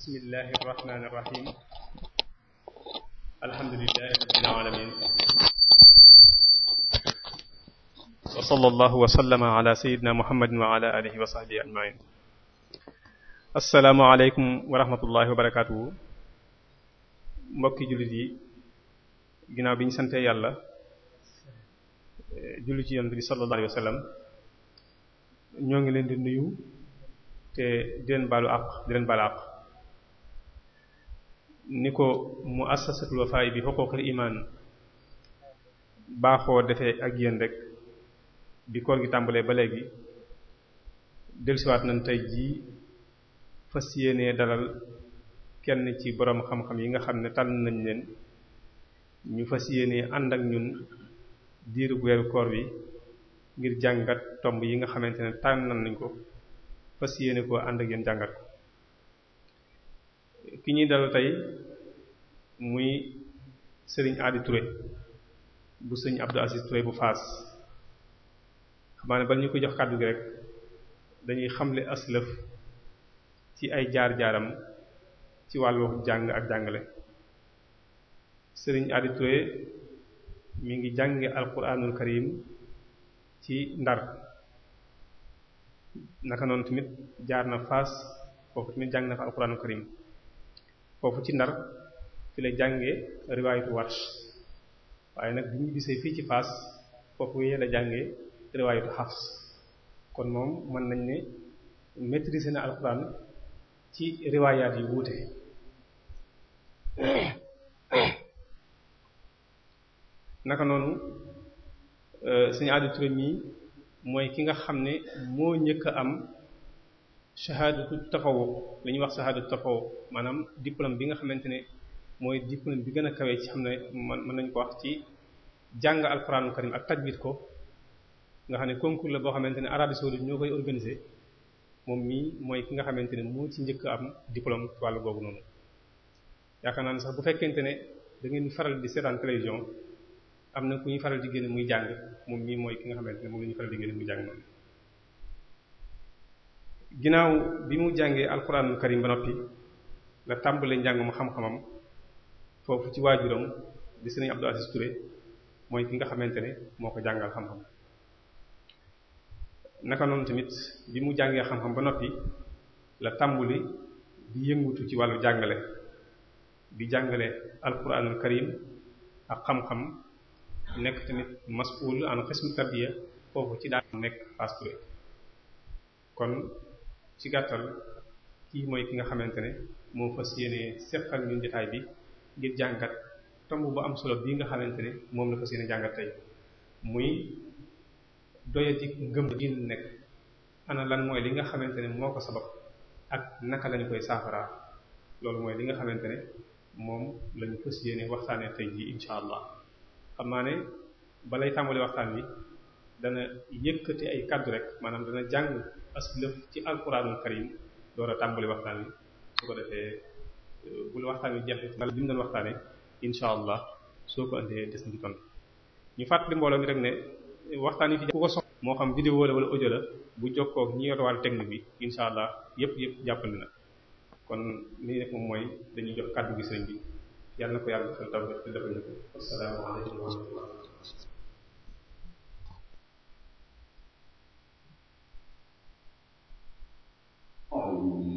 bismillahi irrahmani irrahim alhamdulilahi rabbil alamin wa sallallahu wa wa ala alihi wa sahbihi wa rahmatullahi mbokki jullit yi ginnaaw bi ñu sante yàlla eh, julli ci yonent bi sallallahu ñoo ngi leen di nuyu te di baalu àq di baalu àq ni ko mu assasatul wafaay bi xuquuqul imaan baaxoo defee ak yéen rek bi koor gi tàmbalee ba léegi dellusiwaat nañ tey jii fas yéenee dalal kenn ci boroom xam-xam yi nga xam ne tànn nañ leen ñu fas yéenee ànd ak ñun diiru weeru koor bi ngir jàngat tomb yi nga xamante ne tànn nañ ko fas yéene koo ànd ak yéen jàngat ko ki ñuy dalal tey muy Serigne Adi Touré bu Serigne Abdou Aziz Touré bu Faas xamaa ne bala ñu ko jox kàddu gi rek dañuy xamle aslëf ci ay jaar-jaaram ci wàllu jàng ak jàngale sëriñ Adi Touré mi ngi jànge alquranul karim ci Ndar naka noonu tamit jaar na Faas foofu tamit jàng na fa alquranul karim foofu ci ndar fi la jàngee riwaayatu warsh waaye nag bi ñu gisee fii ci Fass foofu yee la jànge riwaayatu Hafs kon moom mën nañ ne maîtriser na alxuraan ci riwaayaat yu wuute naka noonu euh, suñu àddi turam yi mooy ki nga xam ne moo njëkk a am shahadatu tafawuq li ñuy wax shahadatu tafawuq maanaam diplôme bi nga xamante ne mooy diplôme bi gën a kawee ci xam ne mën nañ ko wax ci jàng alquranul karim ak tajwid ko nga xam ne concours la boo xamante ne Arabie saoudite ñoo koy organiser moom mii mooy ki nga xamante ne moo ci njëkk am diplôme ci wàllu googu noonu yaakaar naa ne sax bu fekkente ne da ngeen faral di seetaan télévision am na ku ñuy faral di génne muy jàng moom mii mooy ki nga xamante ne moom la ñuy faral di ginnaaw bi mu jàngee alquranul karim ba noppi la tàmbale njàngum xam-xamam foofu ci waajuram di sëriñ Abdou Aziz Touré mooy ki nga xamante ne moo ko jàngal xam-xam naka noonu tamit bi mu jàngee xam-xam ba noppi la tàmbali di ci wàllu jàngale di jàngale alquranul karim nekk tamit foofu ci daal nekk Fass Touré kon ci gàttal kii mooy ki nga xamante ne moo fas yéene seqal ñun jotaay bi ngir jàngat tomb bu am solo bii nga xamante ne moom la fas yéene jàngat tey muy doyati ngëm gi nekk ana lan mooy li nga xamante ne moo ko sabab ak naka lañu koy saafaraa loolu mooy li nga xamante ne moom lañu fas yéene waxtaanee tey jii incha allah xam naa ne balay tàmbali waxtaan bi dana yëkkati ay kàddu rek maanaam dana jàng. aslëf ci alquranul karim door a tàmbali waxtaan wi su ko defee euh, bul waxtaan wi jeex na li doon waxtaane incha allah soo ko andee des na ci tontu ñu fàttali mbooloo mi rek ne waxtaan yi fi ku ko soxla moo xam vidéo la wala audio la bu jokkoo ak ñi yor wàllu technique bi incha allah yëpp yëpp jàppandi na kon li nekk moom mooy dañuy jox kàddu gi sëriñ bi yàlla na ko yàlla defal taw bi defal na ko asalaamaaleykum Oh.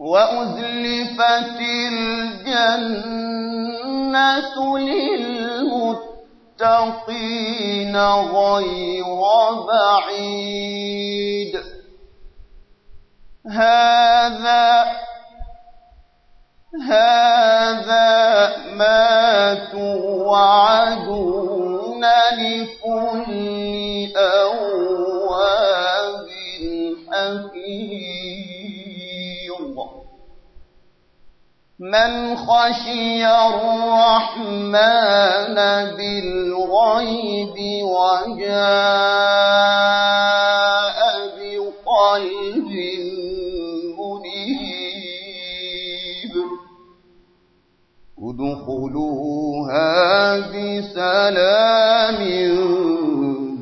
وأزلفت الجنة للمتقين غير بعيد هذا هذا ما توعدون لكل من خشي الرحمن بالغيب وجاء بقلب منيب ادخلوها بسلام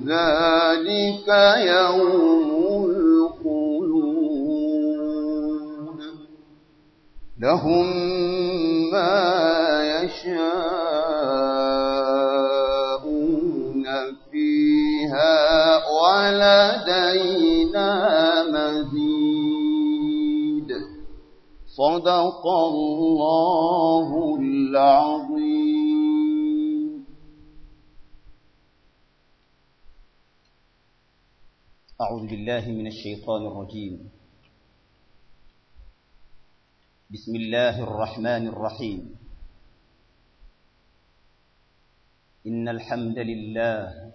ذلك يوم لهم ما يشاءون فيها ولدينا مزيد صدق الله العظيم أعوذ بالله من الشيطان الرجيم بسم الله الرحمن الرحيم إن الحمد لله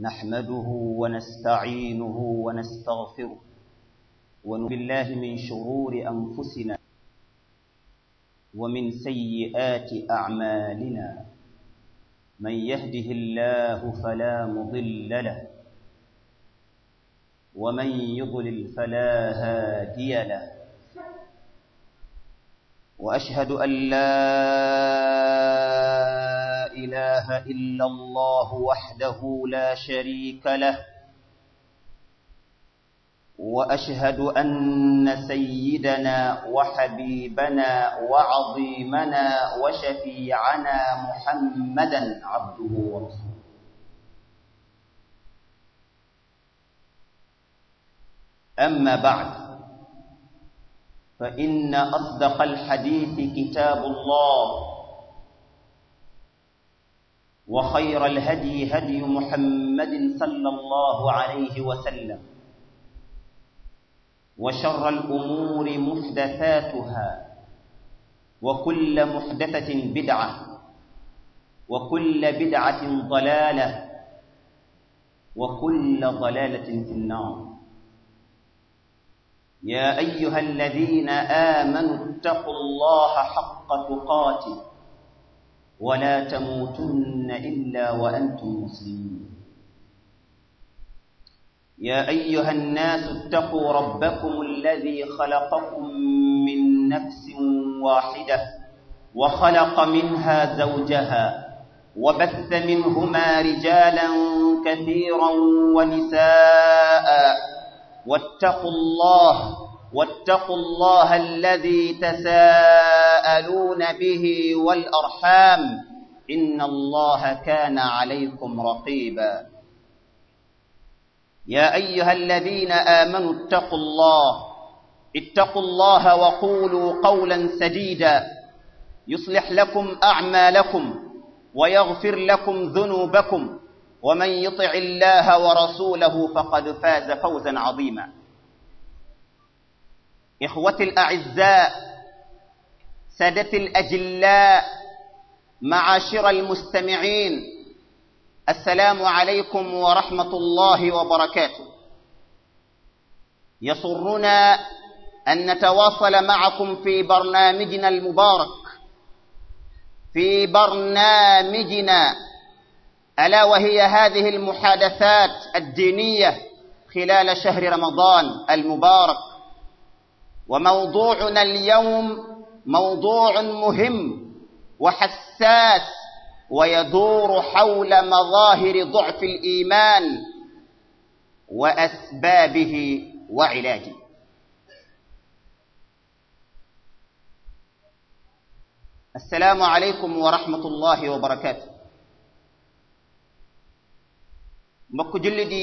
نحمده ونستعينه ونستغفره ونعوذ بالله من شرور أنفسنا ومن سيئات أعمالنا من يهده الله فلا مضل له ومن يضلل فلا هادي له واشهد ان لا اله الا الله وحده لا شريك له واشهد ان سيدنا وحبيبنا وعظيمنا وشفيعنا محمدا عبده ورسوله اما بعد فإن أصدق الحديث كتاب الله وخير الهدي هدي محمد صلى الله عليه وسلم وشر الأمور محدثاتها وكل محدثة بدعة وكل بدعة ضلالة وكل ضلالة في النار يا أيها الذين آمنوا اتقوا الله حق تقاته ولا تموتن إلا وأنتم مسلمون يا أيها الناس اتقوا ربكم الذي خلقكم من نفس واحدة وخلق منها زوجها وبث منهما رجالا كثيرا ونساء واتقوا الله واتقوا الله الذي تساءلون به والأرحام إن الله كان عليكم رقيبا يا أيها الذين آمنوا اتقوا الله اتقوا الله وقولوا قولا سديدا يصلح لكم أعمالكم ويغفر لكم ذنوبكم ومن يطع الله ورسوله فقد فاز فوزا عظيما إخوتي الأعزاء سادتي الأجلاء معاشر المستمعين السلام عليكم ورحمة الله وبركاته يسرنا أن نتواصل معكم في برنامجنا المبارك في برنامجنا ألا وهي هذه المحادثات الدينية خلال شهر رمضان المبارك وموضوعنا اليوم موضوع مهم وحساس ويدور حول مظاهر ضعف الإيمان وأسبابه وعلاجه السلام عليكم ورحمة الله وبركاته mbokk jullit di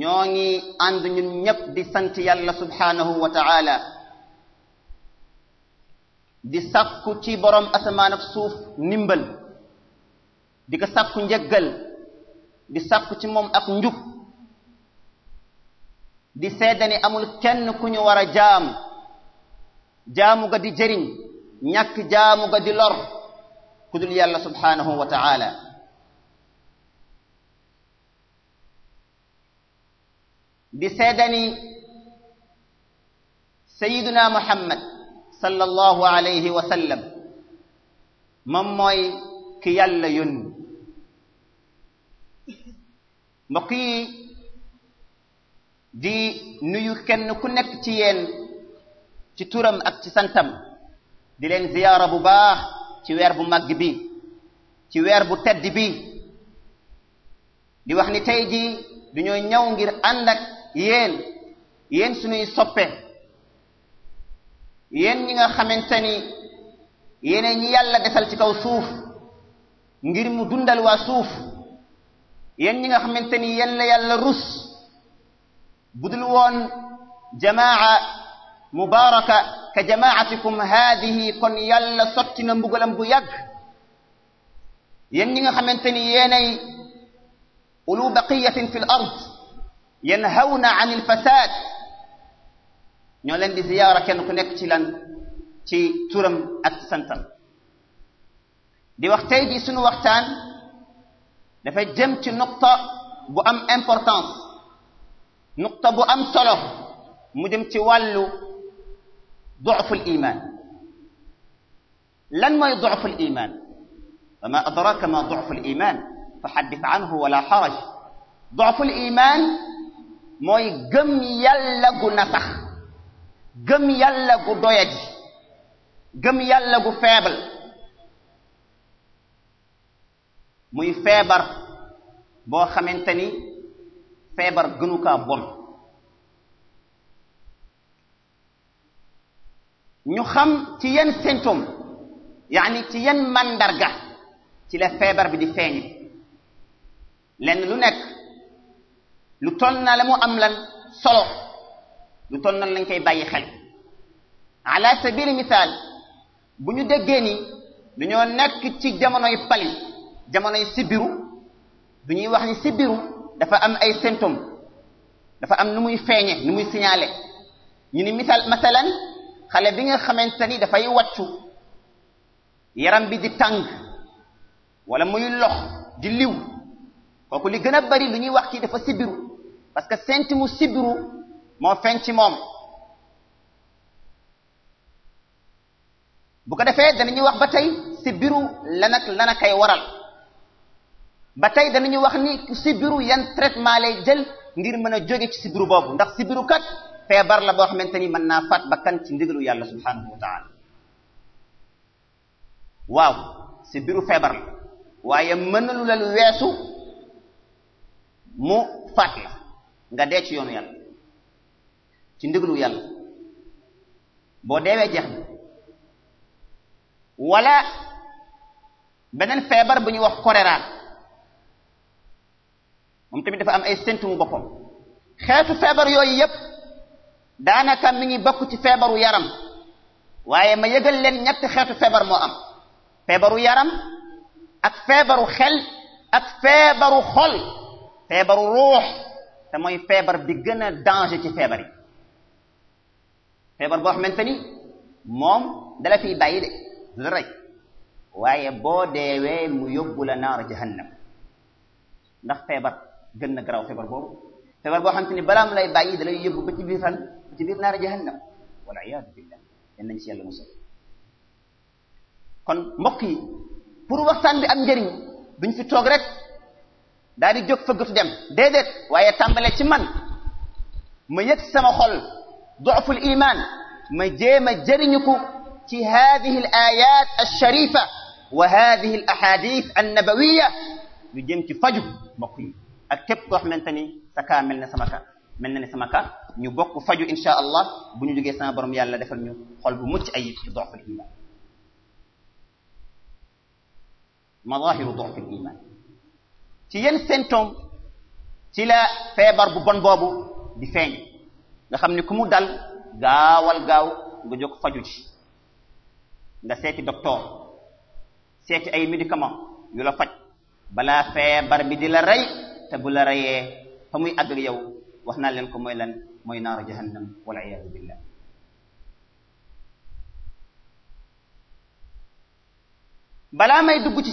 ñoo ngi ànd ñun ñépp di sant yàlla subhaanahu wa ta'ala di sàkku ci boroom asamaan ak suuf ndimbal di ko sàkku njëggal di sàkku ci moom ak njub di seede amul kenn ku ñu war a jaam jaamu ga di jëriñ ñàkk jaamu ga di lor ku dul yàlla subhaanahu wa ta'ala di seede ni sayiduna muhammad sallallahu alayhi wa sallam moom mooy ki yàlla yónni mbokk yi di nuyu kenn ku nekk ci yéen ci turam ak ci santam di leen ziyaara bu baax ci weer bu màgg bi ci weer bu tedd bi di wax ni tey ji dañoo ñëw ngir ànd yéen yéen suñuy soppe yéen ñi nga xamante ni yéeneen ñi yàlla defal ci kaw suuf ngir mu dundal waa suuf yéen ñi nga xamante ni yéen la yàlla rus budul woon jamaa mubaraka ka jamaatikum haadihi kon yàlla sotti na mbugalam bu yàgg yéen yi nga xamante ni yéenay ulu baqiyatin fi l yanhawna anil fasad ñoo leen di ziyaara kenn ku nekk ci lan ci turam ak santam di wax tey ji sunu waxtaan dafa jëm ci nuqta bu am importance nuqta bu am solo mu jëm ci wàllu du'ful iman lan mooy du'ful iman wa ma adraka ma du'ful iman fa haddith anhu wala haraj du'ful iman mooy gëm yàlla gu nasax gëm yàlla gu doyadi gëm yàlla gu faible muy feebar boo xamante ni feebar gënu kaa bon ñu xam ci yenn symptôme yaani ci yenn màndarga ci la feebar bi di feeñi lenn lu nekk lu ton na la mu am lan solo lu toll na lañ koy bàyyi xel ala sabili misaal bu ñu déggee ni dañoo nekk ci jamonoy pali jamonoy sibiru du ñuy wax ni sibiru dafa am ay symptômes dafa am nu muy feeñe nu muy signalé ñu ni misaal masalan xale bi nga xamante ni dafay wàccu yaram bi di tàng wala muy lox di liw kooku li gën a bari lu ñuy wax ci dafa sibiru parce que senti mu sibiru moo feeñ ci moom bu ko defee danañuy wax ba tey sibiru lan ak lan akay waral ba tey danañuy wax ni sibiru yan traitement lay jël ngir mën a jóge ci sibiru boobu ndax sibiru kat feebar la boo xamante ni mën naa faat bakkan ci ndigalu yàlla subhanahu wa taala waaw sibiru feebar la waaye mënalu la lu weesu mu faat nga dee ci yoonu yàlla ci ndiglu yàlla boo deewee jeex na wala beneen feebar bu ñuy wax choléra moom tamit dafa am ay symptômes boppam xeetu feebar yooyu yépp daanaka mi ngi bokk ci feebaru yaram waaye ma yëgal leen ñetti xeetu feebar moo am feebaru yaram ak feebaru xel ak feebaru xol feebaru ruux te mooy feebar bi gën a danger ci feebar yi feebar boo xamante ni moom dala fiy bàyyi de du waaye boo deewee mu yóbbu la naara jahannam ndax feebar gën na garaaw feebar boobu feebar boo xamante ni balaam lay bàyyi dalay yóbbu ba ci biir fan ci biir naara jahannam wala iyaadu billah yan nañ ci yàlla musal kon mbokk yi pour waxtaan bi am njëriñ duñ fi toog rek daal di jóg fëggatu dem déedéet waaye tàmbale ci man ma yëg sama xol doful iman ma jéem a jëriñuku ci hadihi al ayat al sharifa wa hadihi al ahadith an nabawiya yu jëm ci faju mbokk yi ak képp koo xamante ni sa kaa mel na sama kaa mel na ne sama kaa ñu bokk faju insha allah bu ñu jógee sama borom yàlla defal ñu xol bu mucc ayib ci doful iman madahiru doful iman ci yenn symptôme ci la feebar bu bon boobu di feeñ nga xam ni ku mu dal gaawal gaaw nga jóg faju ci nga seeti docteur seeti ay médicament yu la faj balaa feebar bi di la rey te bu la reyee fa muy àgg ak yow wax na leen ko moy lan mooy naaru jahannam wal iyaadu billah balaa may dugg ci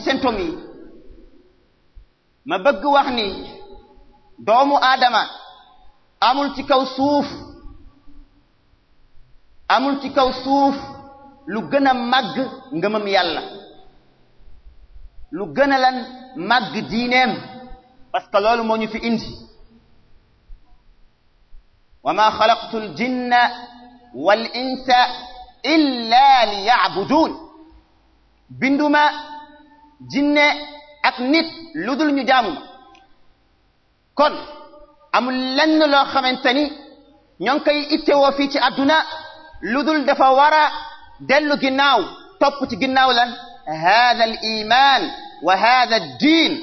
ma bëgg wax ni doomu aadama amul ci kaw suuf amul ci kaw suuf lu gën a màgg ngëmam yàlla lu gën a lan màgg diineem parce que loolu moo ñu fi indi wa ma xalaqtu l jinna wal insa illa li yacbuduun binduma jinne ak nit lu dul ñu jaamu kon amul lenn loo xamante ni ñoo ngi koy ittewoo fii ci adduna lu dul dafa war a dellu ginnaaw topp ci ginnaaw lan hada al wa hada diin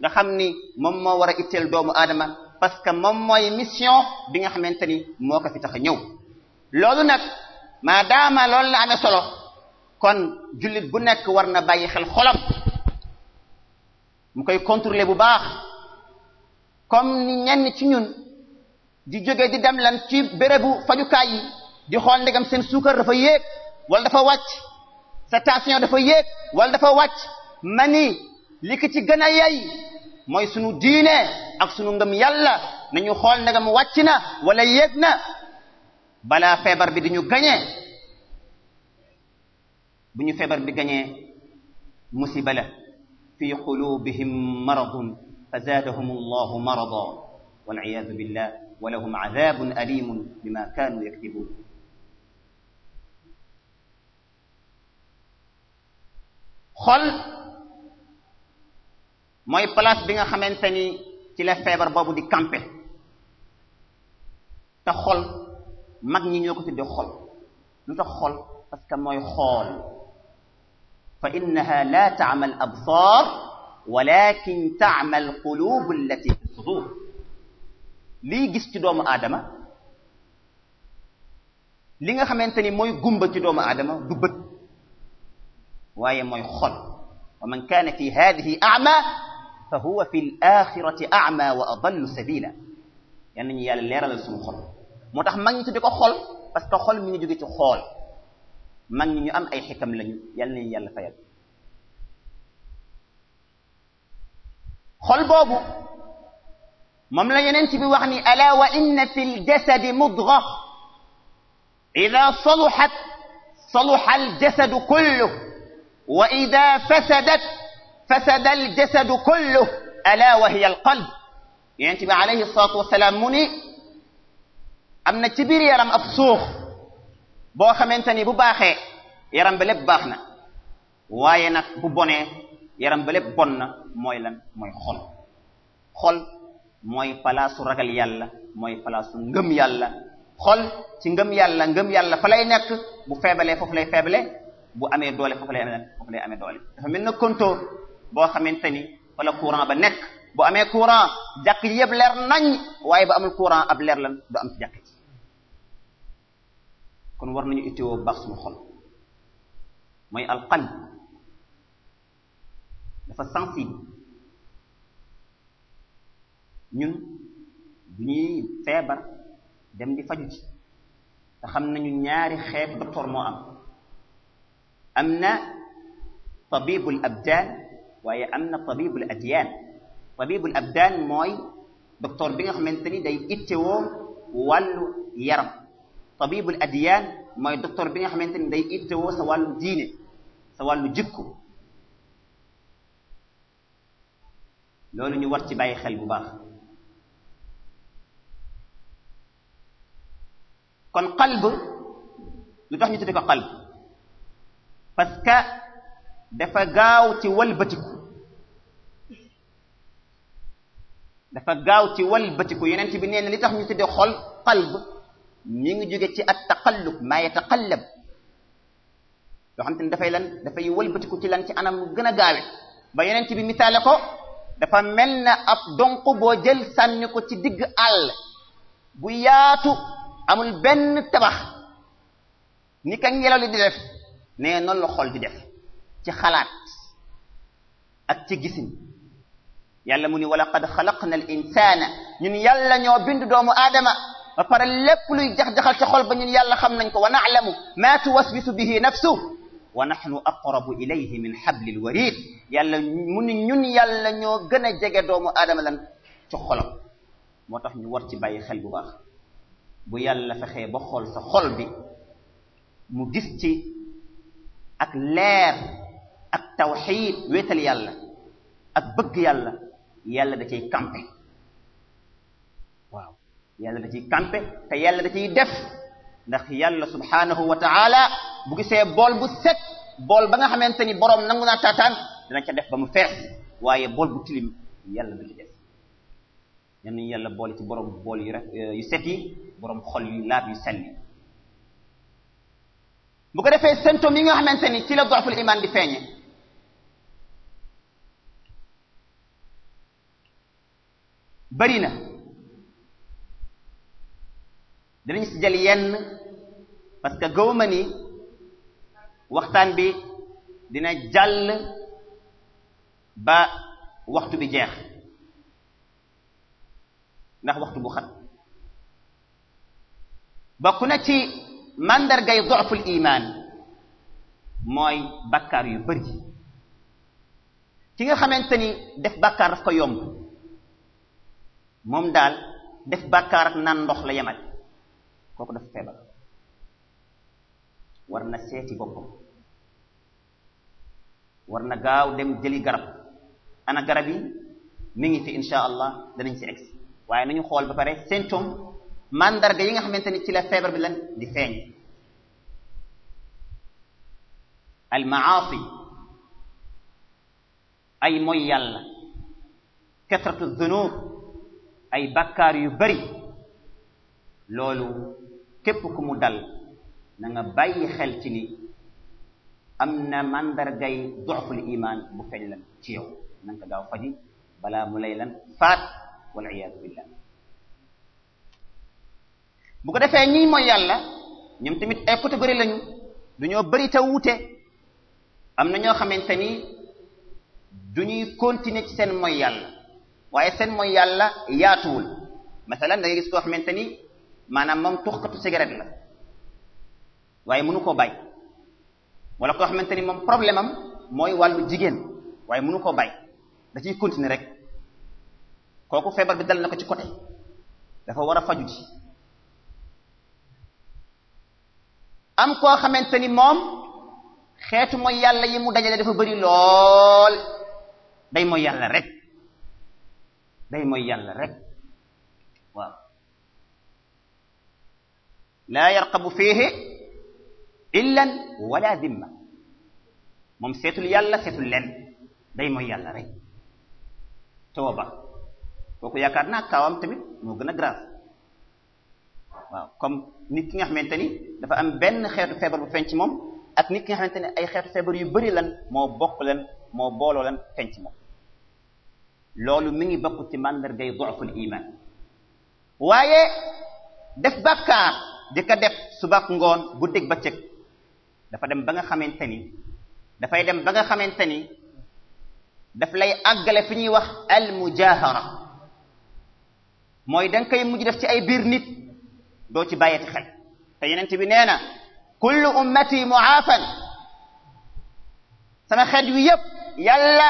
nga xam ni moom moo war a itteel doomu aadama parce que moom mooy mission bi nga xamante ni moo ko fi tax a ñëw loolu nag maadaama loolu la amee solo kon jullit bu nekk war na bàyyi xel xolam mu koy contrôler bu baax comme ni ñenn ci ñun di jóge di dem lan ci bérébu fajukaay yi di xool ndegam seen suukar dafa yéeg wala dafa wàcc sa dafa yéeg wala dafa wàcc mani li ci gën a yey mooy sunu diine ak sunu ngëm yàlla nañu xool ndegam wàcc na wala yéeg na balaa feebar bi di ñu gañee bu ñu feebar bi gañee musiba في قلوبهم مرض فزادهم الله مرضا والعياذ بالله ولهم عذاب أليم بما كانوا يكذبون xol mooy place bi nga xamante ni ci la feebar boobu di campé te xol mag ñi ñoo ko tuddee xol lu tax xol parce que mooy xool فإنها لا تعمى الأبصار ولكن تعمى القلوب التي في الصدور lii gis ci doomu aadama li nga xamante ni mooy gumba ci doomu aadama du bët waaye mooy xol wa man kaana fi haadihi ama fa huwa fi alaxirati ama wa adallu sabila yan nañu yàlla leeralal suñu xol moo tax mag ñi tudde ko xol parce que xol mi ngi jóge ci xool mag ñi ñu am ay xikam lañu yàlla nañu yàlla fayal xol boobu moom la yeneen ci bi wax ni ala wa inna fi ljasadi mudga ida saluxat saluxa aljasadu kullu wa ida fasadat fasada aljasadu kullu ala wa hiya alqalb yeneen ci bi alayhi salaatu wasalaam mu ni am na ci biir yaram ab suux boo xamante ni bu baaxee yaram ba lépp baax na waaye nag bu bone yaram ba lépp bon na mooy lan mooy xol xol mooy palaasu ragal yàlla mooy palaasu ngëm yàlla xol ci ngëm yàlla ngëm yàlla fa nekk bu feebalee foofu lay feebale bu amee doole foofu lay amee foofu lay amee doole dafa mel na compteur boo xamante ni fa la courant ba nekk bu amee courant jàkk yi yëpp leer nañ waaye ba am courant ab leer lan du am ci jàkk kon war nañu ittiwoo baax suñu xol mooy alqalb dafa sensible ñun bu ñuy feebar dem di faju ci te xam nañu ñaari xeet docteur moo am am na tabibul abdaan waaye am na tabibul adyaan tabibul abdaan mooy docteur bi nga xamante ni day ittewoo wàllu yaram tabibul adiyaan mooy docteur bi nga xamante ni day ittewoo sa wàllu diine sa wàllu jikko loolu ñu war ci bàyyi xel bu baax kon qalb lu tax ñu tudde ko qalb parce que dafa gaaw ci walbatiku dafa gaaw ci walbatiku yeneen bi nee na li tax ñu tudde xol qalb mi ngi jóge ci at taqallub maa yataqallab yoo xam te dafay lan dafay wëlbatiku ci lan ci anam lu gën a gaawe ba yeneen ci bi misaale ko dafa mel na ab donq boo jël sànni ko ci digg àll bu yaatu amul benn tabax ni ka ngelaw di def nee noonu la xol di def ci xalaat ak ci gisin yàlla mu ni wa laqad xalaqna al insana ñun yàlla ñoo bind doomu aadama ba pare lépp luy jax-jaxal ca xol ba ñun yàlla xam nañ ko wa na'lamu ma tuwaswisu bihi nafsu wa nahnu aqrabu ilayhi min hablil warid yàlla mu ni ñun yàlla ñoo gën a jege doomu aadama lan ci xolam moo tax ñu war ci bàyyi xel bu baax bu yàlla fexee ba xool sa xol bi mu gis ci ak leer ak tawxid wéetal yàlla ak bëgg yàlla yàlla da cay campé yàlla da ciy campé te yàlla da ciy def ndax yàlla subhanahu wa taala bu gisee bool bu set bool ba nga xamante ni boroom nangu naa taataan dana ca def ba mu fees waaye bool bu tilim yàlla du ci def ñen nañu yàlla bool yu rek euh, set yi boroom xol yu laab yu selli bu ko defee symptôme yi nga xamante ni ci la doful iman di feeñe bari na dinañ si jël yenn parce que gawma ni waxtaan bi dina jàll ba waxtu bi jeex ndax waxtu bu xat bokk na ci mandargay doxful imaan mooy bakkaar yu bari ki nga xamante ni def bakkaar daf ko yomb moom daal def bakkaar ak naan ndox la yemal kooku dafa feebar war na seeti boppam war na gaaw dem jëli garab ana garab yi mi ngi fi insha allah danañ ci egsi waaye nañu xool ba pare symptôme mandarga yi nga xamante ni ci la feebar bi lan di feeñ al maasi ay moy yàlla kasratu zunub ay bakkaar yu bari loolu képp ku mu dal na nga bàyyi xel ci ni am na mandargay doxul iman bu feeñ lan ci yow na nga ko faji balaa mu lay lan faat wal iyaadu billah bu ko defee ñi mooy yàlla ñoom tamit ay catégorie lañu duñoo bari te wuute am na ñoo xamante ni duñuy continuer ci seen mooy yàlla waaye seen mooy yàlla yaatuwul masalan da ngay gis koo xamante ni maanaam moom tuxkatu cigarette la waaye mënu koo bàyyi wala koo xamante ni moom problème am mooy wàllu jigéen waaye mënu koo bàyyi da ciy rek kooku feebar bi dal na ko ci côté dafa war a faju ji am koo xamante ni moom xeetu mooy yàlla yi mu dajale dafa bari lool day mooy yàlla rek day mooy yàlla rek laa yarqabu fiihi illan wala dimma moom seetul yàlla seetul len day mooy yàlla rek tooba kooku yaakaar naa kaawam tamit moo gën a grave waaw comme nit ki nga xamante ni dafa am benn xeetu feebar bu feeñ moom ak nit ki nga xamante ne ay xeetu feebar yu bari lan moo bokk lan moo booloo lan feeñ moom loolu mi ngi bokk ci màndargay doxul iman waaye def bàkkaar di ko def suba ngoon bu guddeeg bëccëg dafa dem ba nga xamante ni dafay dem ba nga xamante ni daf lay àggale fi ñuy wax al mujahara mooy danga koy mujj def ci ay biir nit doo ci bàyyeti xel te yenent bi nee na kullu ummati muaafan sama xeet wi yépp yàlla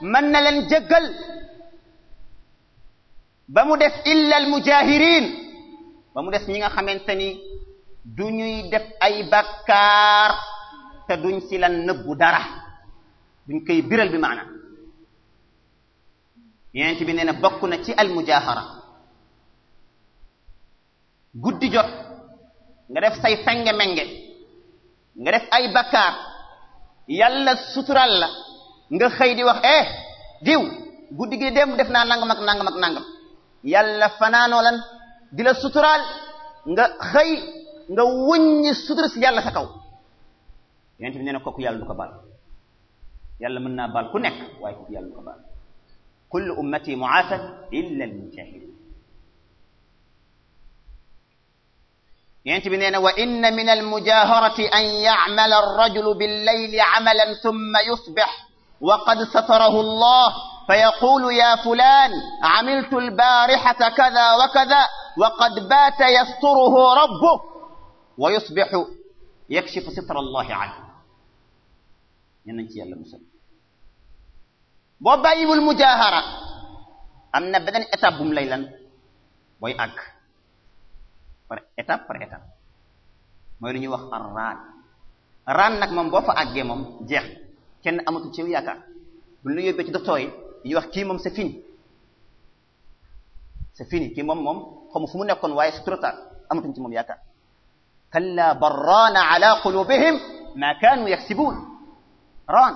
mën na leen jéggal ba mu def illa al mujahirin ba mu des ñi nga xamante ni du ñuy def ay bakkaar te duñ si la nëbbu dara duñ koy biral bi maana yonent bi nee na bokk na ci almujahara guddi jot nga def say fenge-menge nga def ay bakkaar yàlla sutural la nga xëy di wax eh diw guddi gi dem def naa nangam ak nangam ak nangam di la suturaal nga xëy nga wëññi sutura si yàlla sa kaw yonent bi nee na kooku yàlla du ko baal yàlla mën naa baal ku nekk waaye kooku yàlla du ko baal kullu ummati muaafat illa almujahidin yonent bi nee na wa inna min almujaharati an yacmala arrajulu billayli camalan thumma yusbix wa qad satarahu allah فيقول يا فلان عملت البارحة كذا وكذا وقد بات يستره ربه ويصبح يكشف ستر الله عنه ñenn ci yàlla musal boo bàyyiwul mujaahara am na beneen étape bu mu lay lan booy àgg par étape par étape mooy lu ñuy wax ar raan raan nag moom boo fa àggee moom jeex kenn amatu ci yaakaar buñ la yóbbee ci docteur yi dañuy wax kii moom c'est fini c'est fini kii moom moom xamu fu mu nekkoon waaye c'est trop tard amatuñ ci moom yaakaar kalla barraana ala qulubihim ma kaanu yaksibuun raan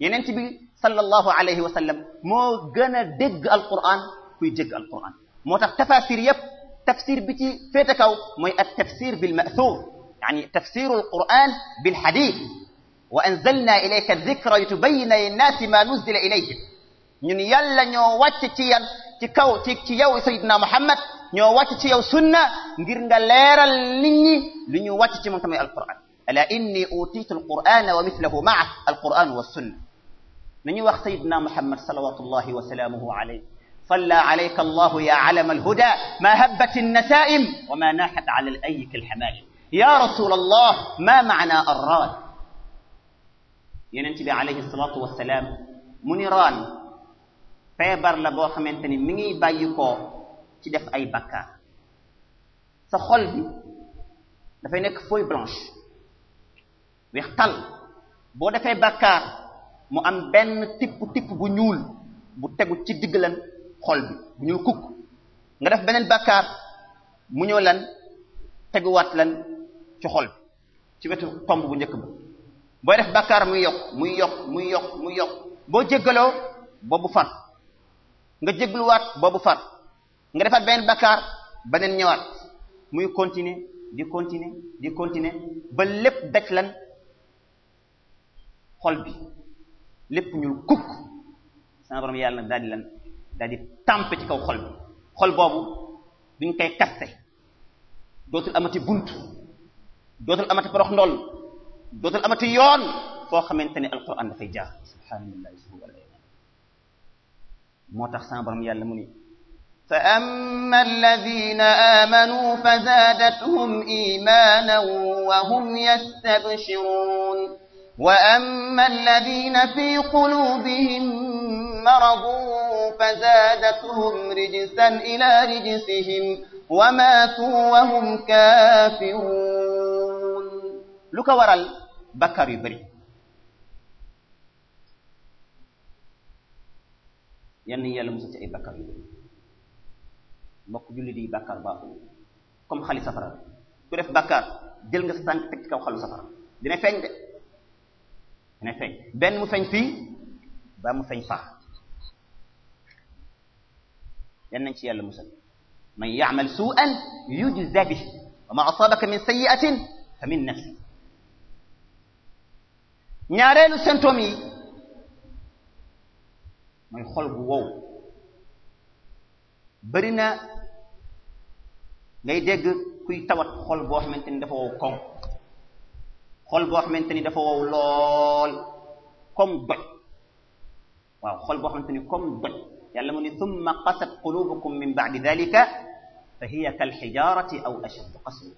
yeneen ci bi sallallahu alayhi wa sallam moo gën a dégg alquran kuy dégg alquran moo tax tafasir yëpp tafsir bi ci féete kaw mooy at tafsir bil ma'thur yani tafsiru alquran bil hadith wa anzalna ilayka adh-dhikra litubayyina lin-nasi ma nuzila ilayhim ñun yàlla ñoo wàcc ci yan ci kaw ci ci yow Seydina Muhammad ñoo wàcc ci yow sunna ngir nga leeral nit ñi lu ñu wàcc ci moom tamit alquran ala inni utitu alqurana wa mithlahu maa alquran wa sunna nañu wax Seydina Muhammad salawatullahi wa salaamuhu alayhi salla alayka allahu ya alama alhuda ma habbat annasaim wa ma nahat ala alayi kalhamaalim ya rasul allah ma maana arraan yeneen ci bi alayhi salatu wasalaam mu ni raan feebar la boo xamante ni mi ngi bàyyi koo ci def ay bakkaar sa xol bi dafay nekk feuille blanche weex tal boo defee bakkaar mu am benn tipp tipp bu ñuul bu tegu ci digg lan xol bi bu ñuul kukk nga def beneen bakkaar mu ñëw lan teguwaat lan ci xol ci wetu tomb bu njëkk ba booy def bakkaar mu yokk muy yokk mu yokk boo jéggaloo boobu far nga jégluwaat boobu far nga defaat beneen bakkaar beneen ñëwaat muy continuer di continuer di continé ba lépp daj lan xol bi lépp ñul kukk sama borom yàlla nag daal di lan daal di tàmpe ci kaw xol bi xol boobu duñ koy kaste dootul amati bunt dootul amati porox ndool dootul amati yoon foo xamante ne alquran dafay jaar subhaanallahi moo tax sa borom yàlla mu ni fa amma alladina amanu fa zaadathum imanan wa hum yastabshirun wa amma alladina fi qulubihim maradun fa zaadathum rijsan ila rijsihim wa maatu wa hum kafirun lu ko waral bakkar yu bari yan nañu yàlla musal ci ay bàkkaar yu bëri mbokk jullit baaxul comme xali safara ku def bàkkaar jël nga sa tànk teg ci kaw xalu safara dina mu feeñ ba mu feeñ faa yan nañ ci yàlla musal man ya'mal su'an yujza bihi wa ma asabaka min sayyi'atin fa min nafsi ñaareelu symptôme mooy xol bu wow bari na ngay dégg kuy tawat xol boo xamante ni dafa wow koŋ xol boo xamante ni dafa wow lool comme doj waaw xol boo xamante ni comme doj yàlla mu ni thumma qasat qulubukum min ba'di dhalika fa hiya kal hijarati aw ashaddu qaswa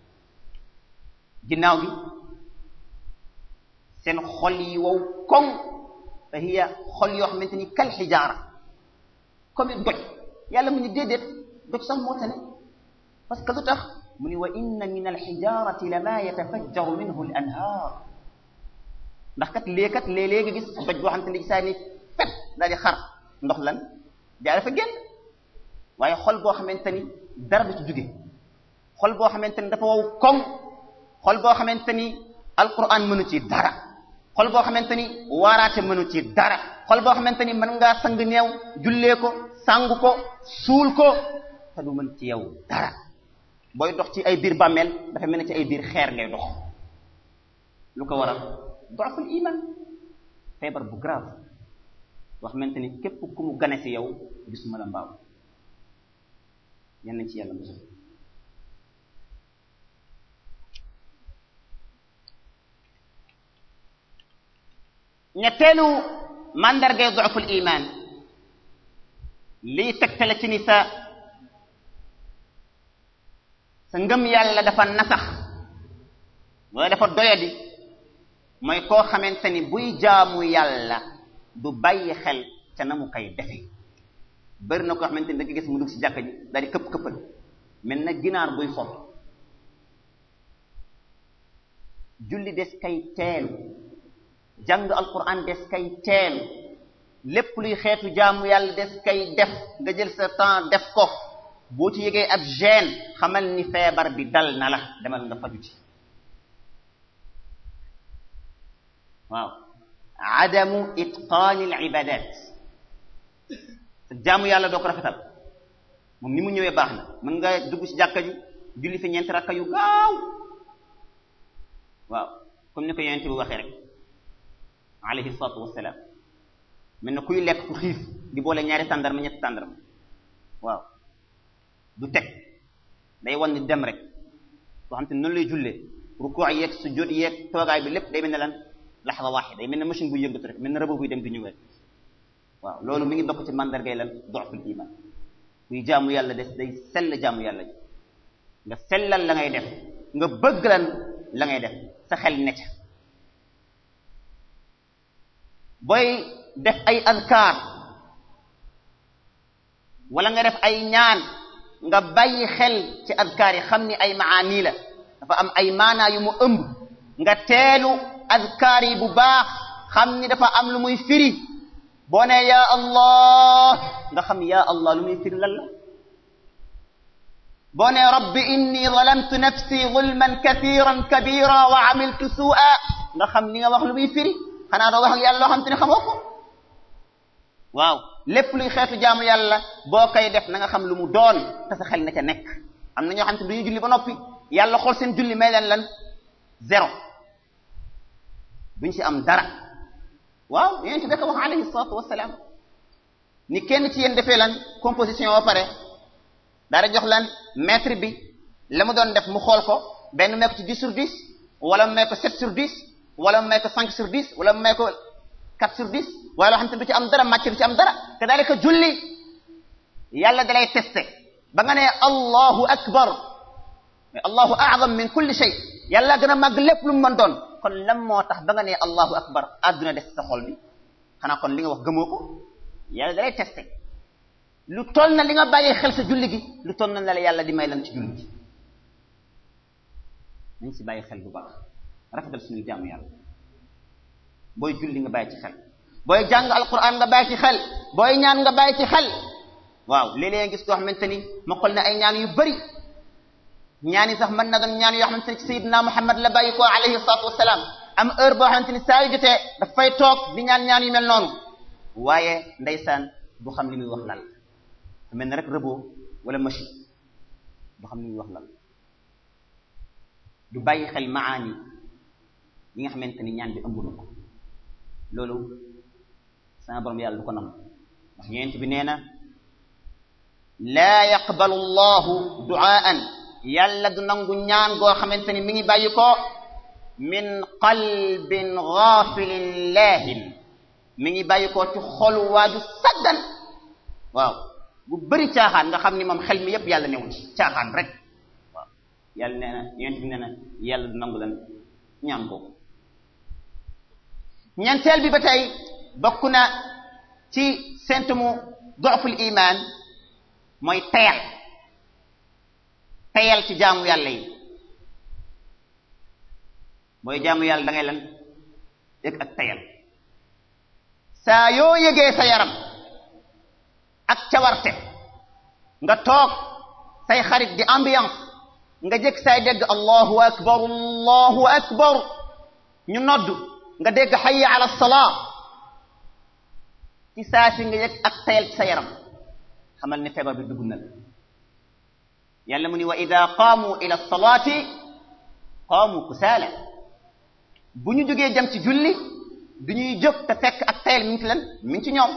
ginnaaw gi seen xol yi wow koŋ fa hiya xol yoo xamante ni kal xijaara comme doj yàlla mu ni déedéet doj sax moo tane parce que lu tax mu ni wa inna min alxijarati la ma yatafajjaru minhu al anhaar ndax kat léekat léeg-léeg nga gis doj boo xamante ni saa ni fet daal di xar ndox lan jaare fa génn waaye xol boo xamante ni dara du ci jóge xol boo xamante ni dafa wow koŋ xol boo xamante ni alquran mënu ci dara xol boo xamante ni waraate mënu ci dara xol boo xamante ni mën ngaa sang neew jullee ko sangu ko suul ko te du mën ci yow dara booy dox ci ay biir bàmmeel dafa mel ne ci ay biir xeer ngay dox lu ko waral doxul iman feebar bu grave boo xamante ni képp ku mu gane si yow gisuma la mbaaw yenn ci yàlla mosul ñetteelu mandargay doful iman lii tegtale ci ni sa sa ngëm yàlla dafa nasax wala dafa doyadi mooy koo xamante ni buy jaamu yàlla du bàyyi xel ca na mu koy defe bëri na koo xamante ni da nga mu dugg ci jàkka ji daal di këpp këppal na ginaar buy xott julli des kay teelu jàng alquran des kay teel lépp luy xeetu jaamu yàlla des kay def nga jël sa temps def ko boo ci yëgee ab gêne xamal ni feebar bi dal na la demal nga faju ci waaw adamu itqaani yàlla doo ko rafetal moom ni mu ñëwee baax na mën nga dugg ci jàkka ji julli fi ñeenti rakka yu gaaw waaw comme ni ko yonent bi waxee rek alayhi salaatu wassalaam mel na kuy lekk ku xiif di boole ñaari tàndarma ñetti tàndarma waaw du teg day wan ni dem rek soo xam te noonu lay jullee rukuu yeeg sujjóot yeeg toogaay bi lépp day mel lan laxda waaxida day mel ne machine buy yëngatu rek mel ne rëbb buy dem di ñëw rek waaw loolu mi ngi bokk ci mandargay lan doxul iman kuy jaamu yàlla des day sell jaamu yàlla ji nga sellal la ngay def nga bëgg lan la ngay def sa xel ne booy def ay azkar wala nga def ay ñaan nga bàyyi xel ci azkar yi xam ni ay maani la dafa am ay maanaa yu mu ëmb nga teelu azkar yi bu baax xam ni dafa am lu muy firi boo ne ya allah nga xam ya allah lu muy firi lan la boo ne rabbi inni zalamtu nafsi zulman kathiran kabira wa amiltu su'a nga xam ni nga wax lu muy firi xanaa doo wax yàlla loo xam te ne xamoo ko waaw lépp luy xeetu jaamu yàlla boo kay def na nga xam lu mu doon te sa xel na ca nekk am na ñoo xam te duñu julli ba noppi yàlla xool seen julli may leen lan zéro duñ ci am dara waaw yonent bi ko wax alayhi ni kenn ci yéen defee lan composition ba pare dara jox lan maître bi la mu doon def mu xool ko benn mee ko ci 10 sur 10 wala mu mee sur 10 wala mu may ko cinq sur dix wala mu may ko quatre sur dix wala loo xam te du ci am dara màcc du ci am dara te daalika julli yàlla dalay testé ba nga ne allahu akbar mais allahu a'zam min kulli shay yàlla gën a màgg lépp lu mu mën doon kon lan moo tax ba nga ne allahu akbar adduna des sa xol bi xanaa kon li nga wax gëmoo ko yàlla dalay testé lu toll na li nga bàyyee xel sa julli gi lu toll na la yàlla di may lan ci julli gi nañ si bàyyi xel bu baax rafetal suñu jàmm yàlla booy julli nga bàyyi ci xel booy jàng alquran nga bàyyi ci xel booy ñaan nga bàyyi ci xel waaw léeg-léeg gis koo xamante ni ma xool na ay ñaan yu bari ñaan yi sax man na doon ñaan yoo xamante ni ci sayidina Muhammad la bàyyi ko alayhi salaatu wasalaam am heure boo xamante ni saa yu te dafay toog di ñaan ñaan yu mel noonu waaye ndeysaan du xam li muy wax lal mel ne rek rëboo wala machine du xam li muy wax lal du bàyyi xel maani yi nga xamante ni ñaan bi ëmb na ko loolu sama borom du ko nangu ndax yonent bi nee na laa yaqbalu llahu duaan yàlla du nangu ñaan goo xamante ni mi ngi bàyyi ko min qalbin ghafilin laahin mi ngi bàyyi ko ci xolu waaju waaw bu bëri caaxaan nga xam ni moom xel mi yépp yàlla newu ci caaxaan rek waaw yàlla nee du nangu lan ñaan kooku ñeenteel bi ba tey bokk na ci sentmu doful iman mooy tayal tayal ci jaamu yàlla yi mooy jaamu yàlla da ngay lan yëg ak tayal saa yoo yëgee sa yaram ak cawarte nga toog say xarit di ambiance nga jëkk say dégg allahu akbar allahu akbar ñu nodd nga dégg hayya ala salaa ci saa si nga yëg ak tayal ci sa yaram xamal ne feebar bi dugg na la yàlla mu ni wa ida qaamu ila salaati qaamu kusaala bu ñu jógee jëm ci julli du ñuy jóg te fekk ak tayal mi ngi ci lan mi ci ñoom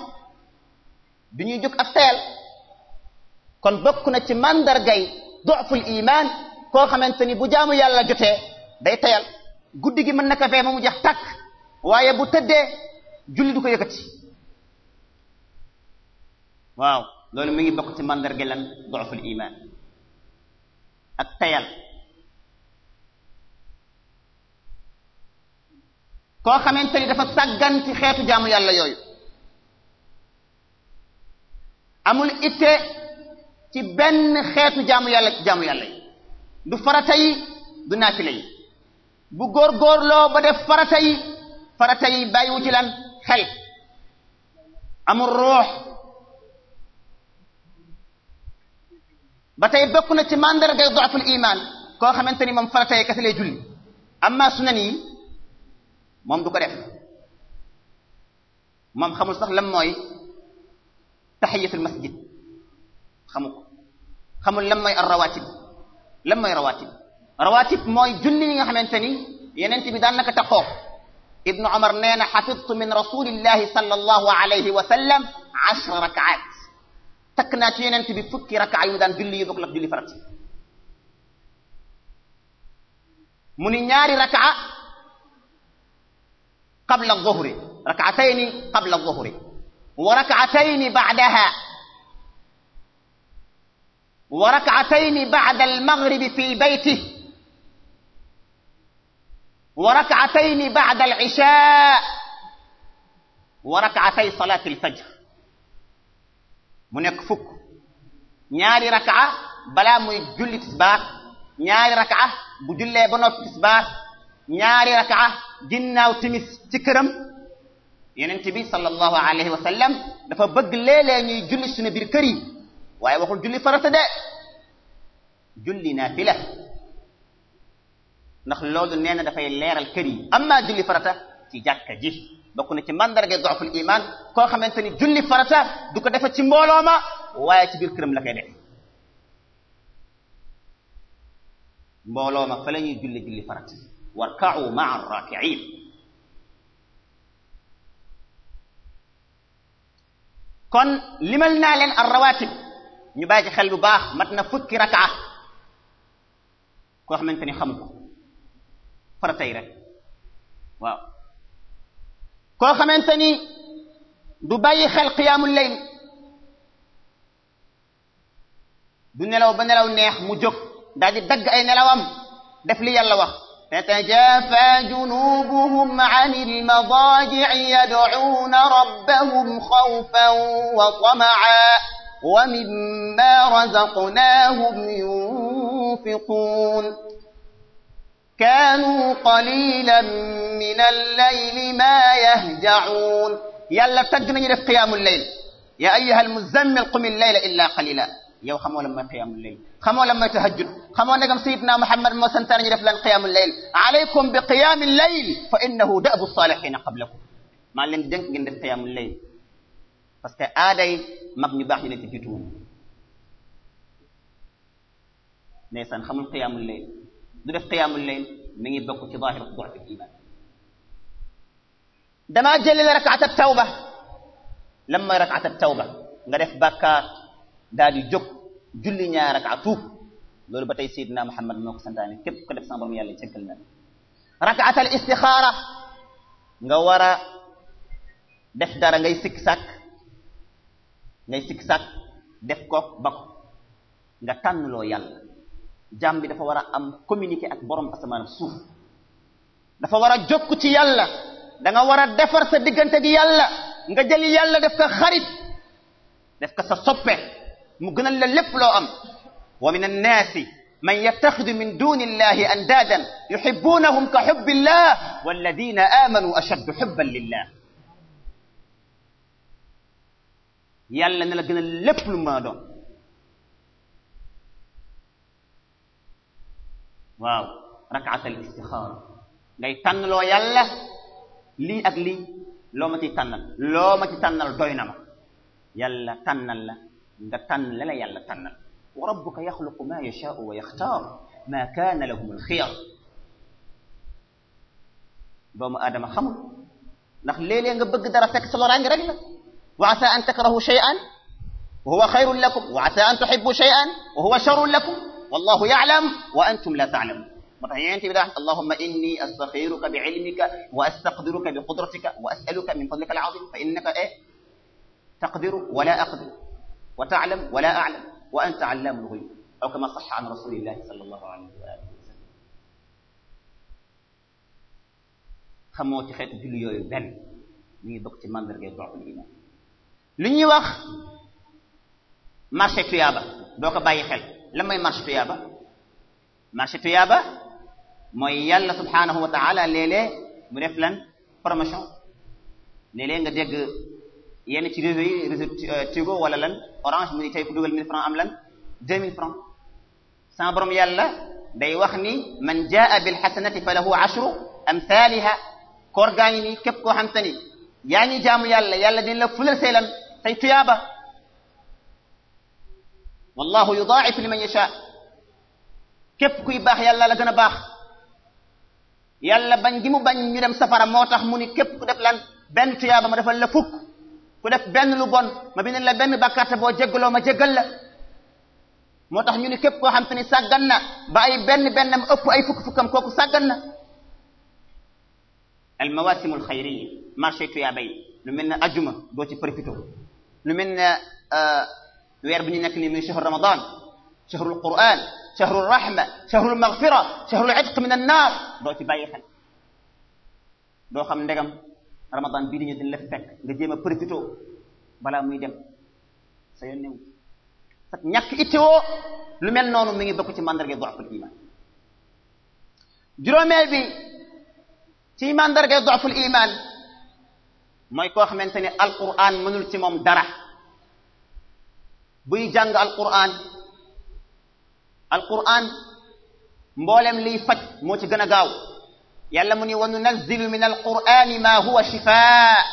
du ñuy jóg ak tayal kon bokk na ci mandargay doful iman koo xamante ni bu jaamu yàlla jotee day tayal guddi gi mën na ko fee mu jeex takk waaye bu tëddee julli du ko yëkkati waaw loolu mi ngi bokk ci mandarga lan doxul iman ak tayal koo xamante ni dafa sàggan ci xeetu jaamu yàlla yooyu amul itte ci benn xeetu jaamu yàlla ci jaamu yàlla yi du farata yi du naafile yi bu góorgóorloo ba def farata farata yi bàyyiwu ci lan xel amul ruux ba tey bokk na ci mandargay doxaful iman koo xamante ni moom farata yi kese lay julli amma sunan yi moom du ko def moom xamul sax lan mooy tahiyatul masjid xamu ko xamul lan mooy ar rawatib lan mooy rawatib rawatib mooy julli yi nga xamante ni yeneen bi daan naka taxoo ibnu omar nee na xafidtu min rasulillahi sallallahu alayhi wa sallam ashra rakaat takk naa ci yeneen bi fukki rakaat yu mu daan julli yu bokkul ak julli farata mu ni ñaari rakaat qabla zuhri rakaatayni qabla zuhri wa rakaatayni ba'daha wa rakaatayni ba'da al-maghribi fi baytihi wa rak'atayni ba'da al-isha wa rak'atay salaati al-fajr mu nekk fukk ñaari rak'a balaa muy julli tisbaar ñaari rak'a bu jullee ba noppi tisbaar ñaari rak'a ginnaaw timis ci këram yenent bi sallallahu alayhi wa sallam dafa bëgg léeg-léeg ñuy julli suñu biir kër yi waaye waxul julli farata de julli naafila ndax loolu nee na dafay leeral kër yi amma julli farata ci jàkka ji bokk na ci mandarga doxul iman koo xamante ni julli farata du ko defe ci mbooloo ma waaye ci biir këram la koy def mbooloo ma fa la ñuy julli julli farata warka'u ma'a raki'in kon limal naa leen arrawatib ñu bàyyi ci xel bu baax ma na fukki raka'a koo xamante ni xamu faratay rek waaw koo xamante ni du bàyyi xel qiyaamul layl du nelaw ba nelaw neex mu jóg daal di dagg ay nelawam def li yàlla wax تتجافى جنوبهم عن المضاجع يدعون ربهم خوفا وطمعا ومما رزقناهم ينفقون كانوا قليلا من الليل ما يهجعون yàlla tagg nañu def qiyaamul layl yaa ayyuhal muzzammil qumil layla illaa qalila yow xamoo lan mooy qiyaamul layl xamoo lan mooy tahajjud xamoo nagam sayidna Muhammad moo santaane ñu def lan qiyaamul layl alaykum bi qiyaamil layl fa innahu da'bu saalihiina qablakum maa leen di dénk ngeen def qiyaamul layl parce que aaday mag ñu baax ñu leen ci jiitu woon ndeysaan xamul qiyaamul layl du def qiyaamul layl mi ngi bokk ci zahir du'f al-iman damaa jëlale rakaat at tawba lan mooy rakaat at tawba nga def bàkkaar daal di jóg julli ñaar rakaat tuub loolu ba tey Seydina Muhammad moo ko santaane képp ko def sama borom yàlla jéggal na rakaat al istixaara nga war a def dara ngay sikk sàkk ngay sikk sàkk def ko ba ko nga tànnloo yàlla jàmm bi dafa war a am communiquer ak borom asamaan ak suuf dafa war a jokk ci yàlla danga nga war a defar sa diggante gi yàlla nga jël yàlla def ko xarit def ko sa soppe mu gënal la lépp loo am wa min annaasi man yattaxidu min duni illahi andaadan yuhibbunahum ka hubbillah walladina amanu ashaddu hubban lillah yàlla ne la gënal lépp lu ma waaw rakaatal istixaara ngay tànnloo yàlla lii ak lii loo ma ci tànnal loo ma ci tànnal doy na ma yàlla tànnal la nga tànn la la yàlla tànnal wa rabbuka yaxluqu ma yashaau wa yaxtaar ma kaana lahum alxiyar doomu aadama xamul ndax léeg-léeg nga bëgg dara fekk sa loraange rek la wa asa an takrahu shay'an wa huwa xayrun lakum wa asa an tuhibbu shay'an wa huwa sharrun lakum wallahu ya'lam wa antum la ta'lamun moo tax yonent bi daa allahumma inni astaxiruka bi ilmika wa astaqdiruka bi qudratika wa as'aluka min fadlika al-azim fa innaka e taqdiru wa la aqdir wa ta'lam wa la a'lam wa anta allamu al-ghuyub aw kama sahha an rasulillahi sallallahu alayhi wa alihi wa sallam xamoo ci xeetu julli yooyu benn ñu ngi bokk ci mandargay doxul iman li ñuy wax marché tuyaaba doo ko bàyyi xel la mooy marché tuyaaba marché tuyaaba mooy yàlla subhaanahu wa taala léeg-léeg mu def lan promotion léeg-léeg nga dégg yenn ci réseau yi réseau euh, Tigo wala lan orange mu ni tey ku dugal 1000 francs am lan 2000 francs sans borom yàlla day wax ni man jaa bil hasanati falahu ashru amthaliha koor gaa ngi nii képp koo xam te ni yaa ngi jaamu yàlla yàlla dina la fulal say lan say tuyaaba yu wallahu yudaa'if liman yasha képp kuy baax yàlla la gën a baax yàlla bañ gi mu bañ ñu dem safara moo tax mu ni képp ku def lan benn tuyaaba ma defal la fukk ku def benn lu bon ma bindal la benn bàkkaarte boo jéggaloo ma jéggal la moo tax ñu ni képp koo xam te ni sàggan na ba ay benn bennam ëpp ay fukk-fukkam kooku sàggan na al mawasimul xayriya marché tuyaaba lu mel ne ajuma doo ci profité lu mel euh, weer bi ñu nekk nii muy shahru ramadan shahrul quran shahrul rahma shahrul maghfira shahrul itq min annaar doo ci bàyyi xel xam ndegam ramadan bii di ñu din la fi fekk muy dem sa yoon new sa ñàkk ittewoo lu mel noonu mi ngi bokk ci mandarga doful iman juróomeel bi ci mandarga doful iman mooy koo xamante ne alquran mënul ci moom dara buy jàng alquran alquran mboolem liy faj moo ci gën a gaaw yàlla mu ni wa nunazzilu min alqurani ma huwa shifaa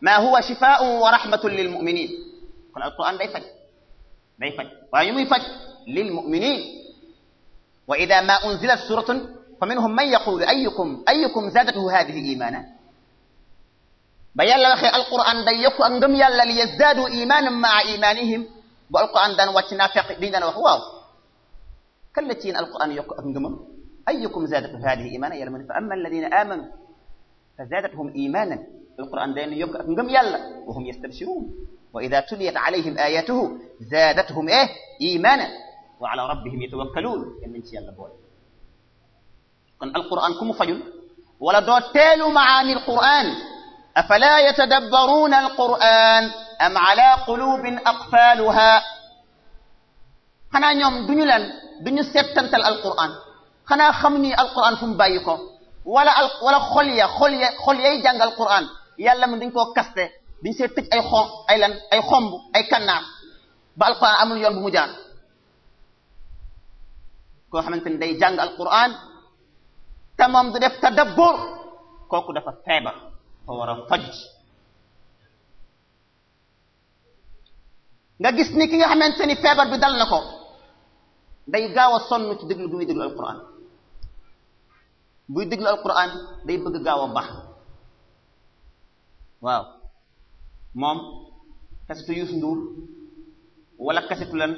ma huwa shifaun wa rahmatun lil muminin kon alquran day faj day faj waaye muy faj lil muminin wa ida ma unzilat suratun fa minhum man yaqulu ayukum ayukum zadathu hadihi imana ba yàlla waxee alquran day yokku ak ngëm yàlla li yazdaadu imaanan maa imaanihim bu alquran daan wàcc naa feq dañ daan wax waaw kan la ci yéen alquran yokku ak ngëmam ayukum zaadatu haadihi imaanan yàlla mu ne fa amma alladina aamanu fa zaadathum imaanan alquran day yokku ak ngëm yàlla wa hum yastabsiruun wa ida tuliyat alayhim ayatuhu zaadathum eh imaanan wa ala rabbihim yatawakkaluun yal nañ ci yàlla boole kon alquran ku mu fajul wala doo teelu maani alquran أفلا يتدبرون القرآن أم على قلوب أقفالها xanaa ñoom duñu leen duñu settantal Alqur'an xanaa xam ni Alqur'an fu mu bàyyi ko wala al wala xol ya xol ya xol yay jàng Alqur'an yàlla mu duñ koo kaste duñ see tëj ay xom ay lan ay xomb ay kannaar ba Alqur'an amul yoon bu mu jaar koo xamante ni day jàng Alqur'an te moom du def tadabbur kooku dafa feebar. dafa war a faj nga gis ni ki nga xamante ni feebar bi dal na ko day gaaw a sonn ci déglu bi muy déglu alquran buy déglu alquran day bëgg gaaw a baax waaw moom kasetu Youssou Ndour wala kasetu lan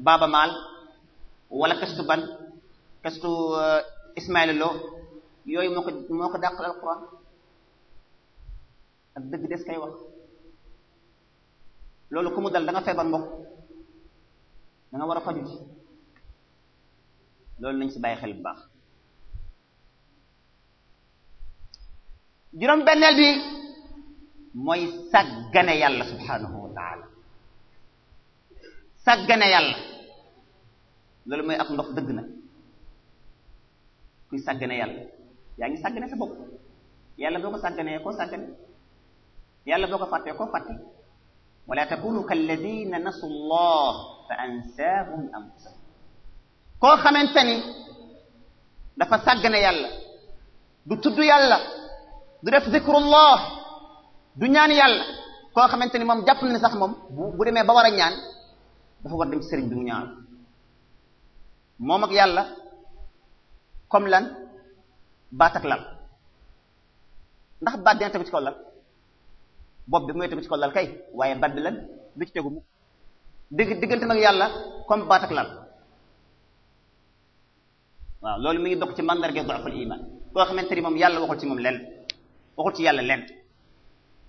Baaba Maal wala kasetu ban kasetu uh, Ismaël Lo yooyu moo ko moo ko ak dëgg des kay wax loolu ku mu dal da nga feebar mbokk da war a faju loolu nañ si bàyyi xel bu baax juróom benneel bi mooy sàggane yàlla subhanahu wa taala sàggane yàlla loolu mooy ak ndox dëgg na kuy sàggane yàlla yaa ngi sàggane sa bopp yàlla boo ko sàgganee koo sàggane yàlla boo ko fàttee ko fàtte wala takunu kalladina nasu llah fa ansaahum anfusahum koo xamante ni dafa sàggane yàlla du tudd yàlla du def zikrullah du ñaan yàlla koo xamante ni moom jàpp na ni sax moom bu demee ba war a ñaan dafa war dem sëriñ bi mu moom ak yàlla comme lan baat ak ndax baat dina tegu ci kaw lal bopp bi mooy tamit ci ko lal kay waaye bat bi lan du ci tegu digg diggante nag yàlla comme baat ak lal waaw loolu mi ngi bokk ci mandarga doxul iman koo xamante ni moom yàlla waxul ci moom lenn waxul ci yàlla lenn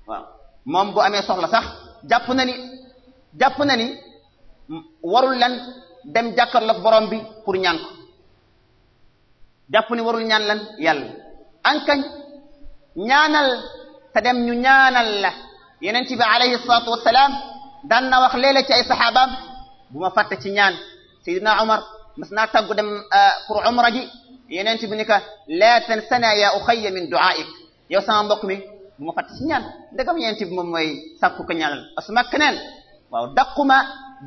waaw moom bu amee soxla sax jàpp na ni jàpp na ni warul lan dem jàkkaarloog borom bi pour ñaan ko jàpp ni warul ñaan lan yàlla ankañ ñaanal te dem ñu ñaanal la yeen ci bi alayhi salaatu wasalaam daan na wax léeg-léeg ci ay saxaabaam bu ma fàtte ci ñaan Seydina Omar mas naa tàggu dem euh, pour umra ji yeneen ci bi ni ka la tansana ya ukhayya min du'aik yow sama mbokk mi bu ma fàtte ñaan ndegam yeneen ci bi moom mooy sàkku ko ñaanal asuma keneen waaw daquma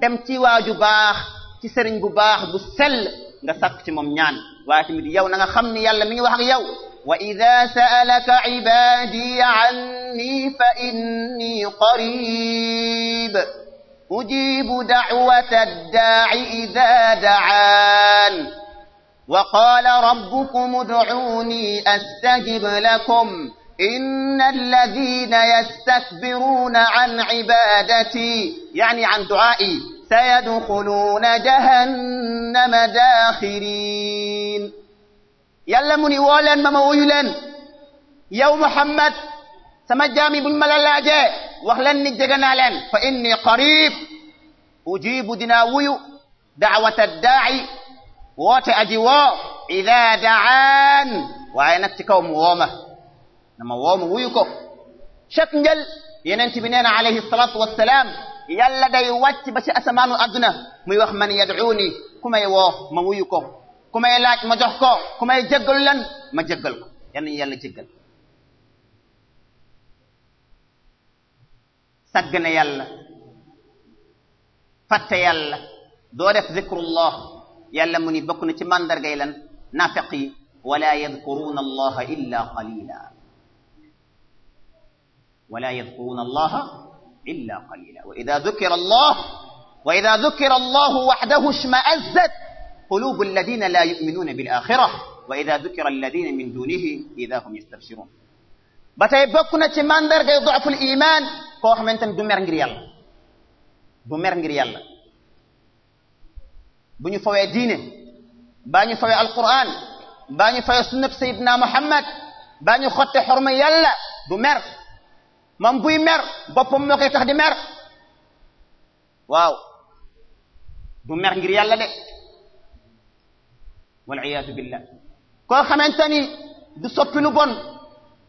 dem ci waaju baax ci sëriñ bu baax gu sell nga sàkk ci moom ñaan waaye tamit yow na nga xam ni yàlla mi ngi wax ak yow وإذا سألك عبادي عني فإني قريب أجيب دعوة الداع إذا دعان وقال ربكم ادعوني أستجب لكم إن الذين يستكبرون عن عبادتي يعني عن دعائي سيدخلون جهنم داخرين yàlla mu ni woo leen ma ma wuyu leen yow muhammad sama jaami buñ ma la laajee wax leen ni jege naa leen fa inni qarib ujibu dinaa wuyu daawata daa'i woote aji woo ida daan waaye nag ci kaw mu wooma na ma wooma wuyu ko chaque njël yenent bi nee na alayhi salatu wassalaam yàlla day wàcc ba ci asamaanu adduna muy wax man yad'uuni ku may woo ma wuyu ko ku may laaj ma jox ko ku may jéggalu leen ma jéggal ko yal nañu yàlla jéggal sàggane yàlla fàtte yàlla doo def zikrullah yàlla mu ni bokk na ci mandargay lan naafeq yi wala yadkuruna allaha illa qalila wala yadkuruna allaha illa qalila wa ida dukira allah wa ida dukira allahu wahdahu ishma'azzat قلوب الذين لا يؤمنون بالآخرة وإذا ذكر الذين من دونه إذا هم يستبشرون ba tey bokk na ci mandargay doxful iman koo xamante ne du mer ngir yàlla du mer ngir yàlla bu ñu fawee diine baa ñu fawee alquran baa ñu fawee sunnat sayidna muhammad baa ñu xotte xorma yàlla du mer moom buy mer boppam moo koy tax di mer waaw du mer ngir yàlla de waliyasu billah koo xamante ni du soppi lu bon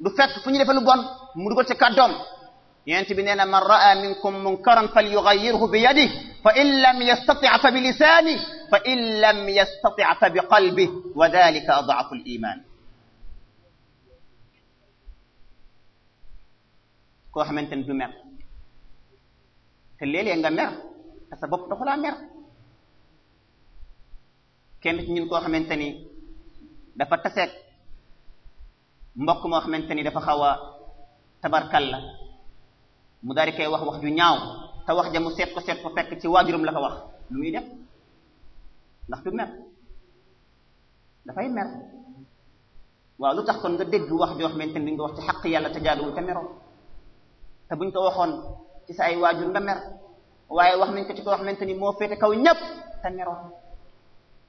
du fekk fu ñu defe lu bon mu dugal ci kàddoom yent bi nee na man raa minkum munkaran falyughayyirhu bi yadihi fa in lam yastati fa bi lisanihi fa in lam yastati fa bi qalbihi wa dhalika ad'afu al-iman koo xamante ni du mer te léeg-léeg nga mer te sa bopp taxulaa mer kenn ci ñun koo xamante ni dafa taseeg mbokk moo xamante ni dafa xaw a tabarkal la mu daal di koy wax wax ju ñaaw te wax ja mu seet ko seet ko fekk ci waajuram la ko wax lu muy def ndax du mer dafay mer waaw lu tax wax joo xamante ni duñ ko wax ci xaq yàlla te jaaduwul te meroo te buñ ko waxoon ci sa ay waajur nga mer waaye wax nañ ko ci koo xamante ni moo féete kaw ñëpp te meroo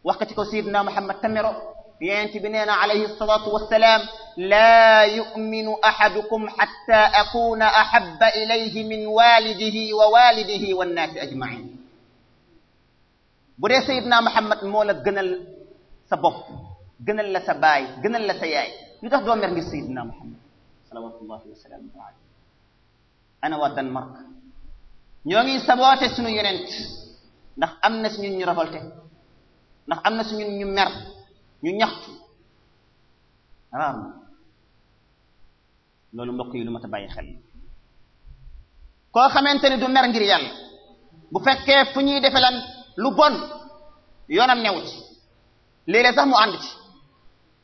wax ko ci kaw sayidna muhammad tamero yonent bi nee na alayhi salatu wassalaam laa yuminu ahadukum hatta akuna ahabba ilayhi min walidihi wa walidihi wannaasi ajmain bu dee sayidna muhammad moo la gënal sa bopp gënal la sa baay gënal la sa yaay lu tax doo mer ngir sayidna muhammad salawatullahi wasalaamu alayhi ana waa Danemark ñoo ngi saboote suñu yonent ndax am na suñu ñu révolté ndax am na suñu ñu mer ñu ñaxtu raar na loolu mbokk yi lu mat a bàyyi xel koo xamante ni du mer ngir yàlla bu fekkee fu ñuy defe lan lu bon yoonam newu ci léeg-léeg sax mu ànd ci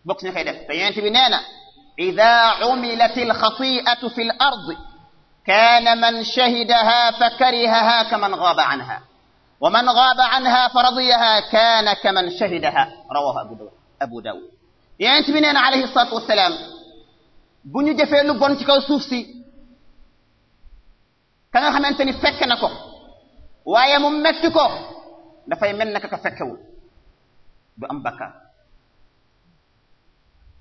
bokk si ñu koy def te yonent bi nee na ida umilat alxati'atu fi l ard kaana man shahidaha fa karihaha ka man gaaba anha ومن غاب عنها فرضيها كان كمن شهدها رواه abu dawud abu dawud yonent bi nee na alayhi salaatu wassalaam bu ñu jëfee lu bon ci kaw suuf si ka nga xamante ni fekk na ko waaye mu metti ko dafay mel naka ka fekkewul du am bakkaar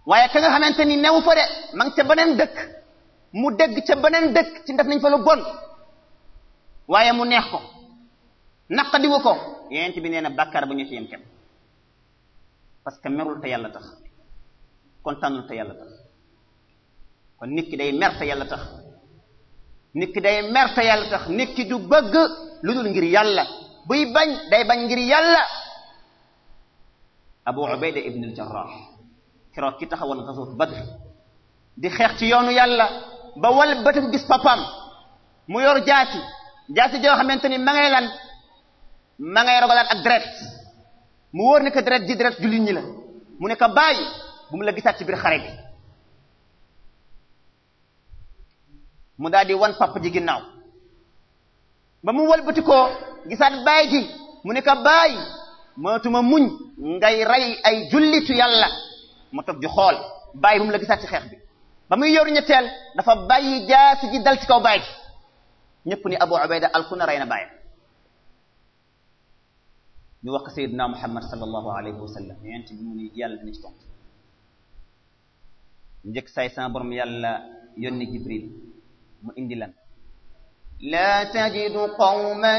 waaye ka nga xamante ni newu fa de ma ngi ca dëkk mu dégg ca beneen dëkk ci def nañ fa lu bon waaye mu neex ko naqadiwu ko yonent bi nee na bàkkaar ba ñu ci yem kenn parce que merul te yàlla tax kontaanul te yàlla kon nit ki day mer yàlla tax nit ki day mer te yàlla tax nit ki du bëgg lu dul ngir yàlla buy bañ day bañ ngir yàlla abu ubayda ibn al-jarrah keroog ki taxawal ghazwat badr di xeex ci yoonu yàlla ba wal bëtam gis papaam mu yor jaasi jaasi joo xamante ni ma lan ma ngay rogalaat ak deret mu wóor ne que deret ji deret jullit ñi la mu ne ko bàyyi bu mu la gisaat ci biir xare bi mu daal di wan papa ji ginnaaw ba mu wëlbati ko gisaat ji mu ne ko bàyyi mootuma muñ ngay rey ay jullitu yàlla mu toog di xool bàyyi bu mu la gisaat ci xeex bi ba muy yoru ñetteel dafa bàyyi jaasi ji dal ci kaw bàyyi ji ñëpp ni Abu Ubayda alku na rey na bàyyi ñu wax ko sayyidina muhammad sallallahu alayhi wa sallam yonent bi mu ni yàlla dina ci tontu njëkk saay sama borom yàlla yónni jibril mu indi lan لا تجد قوما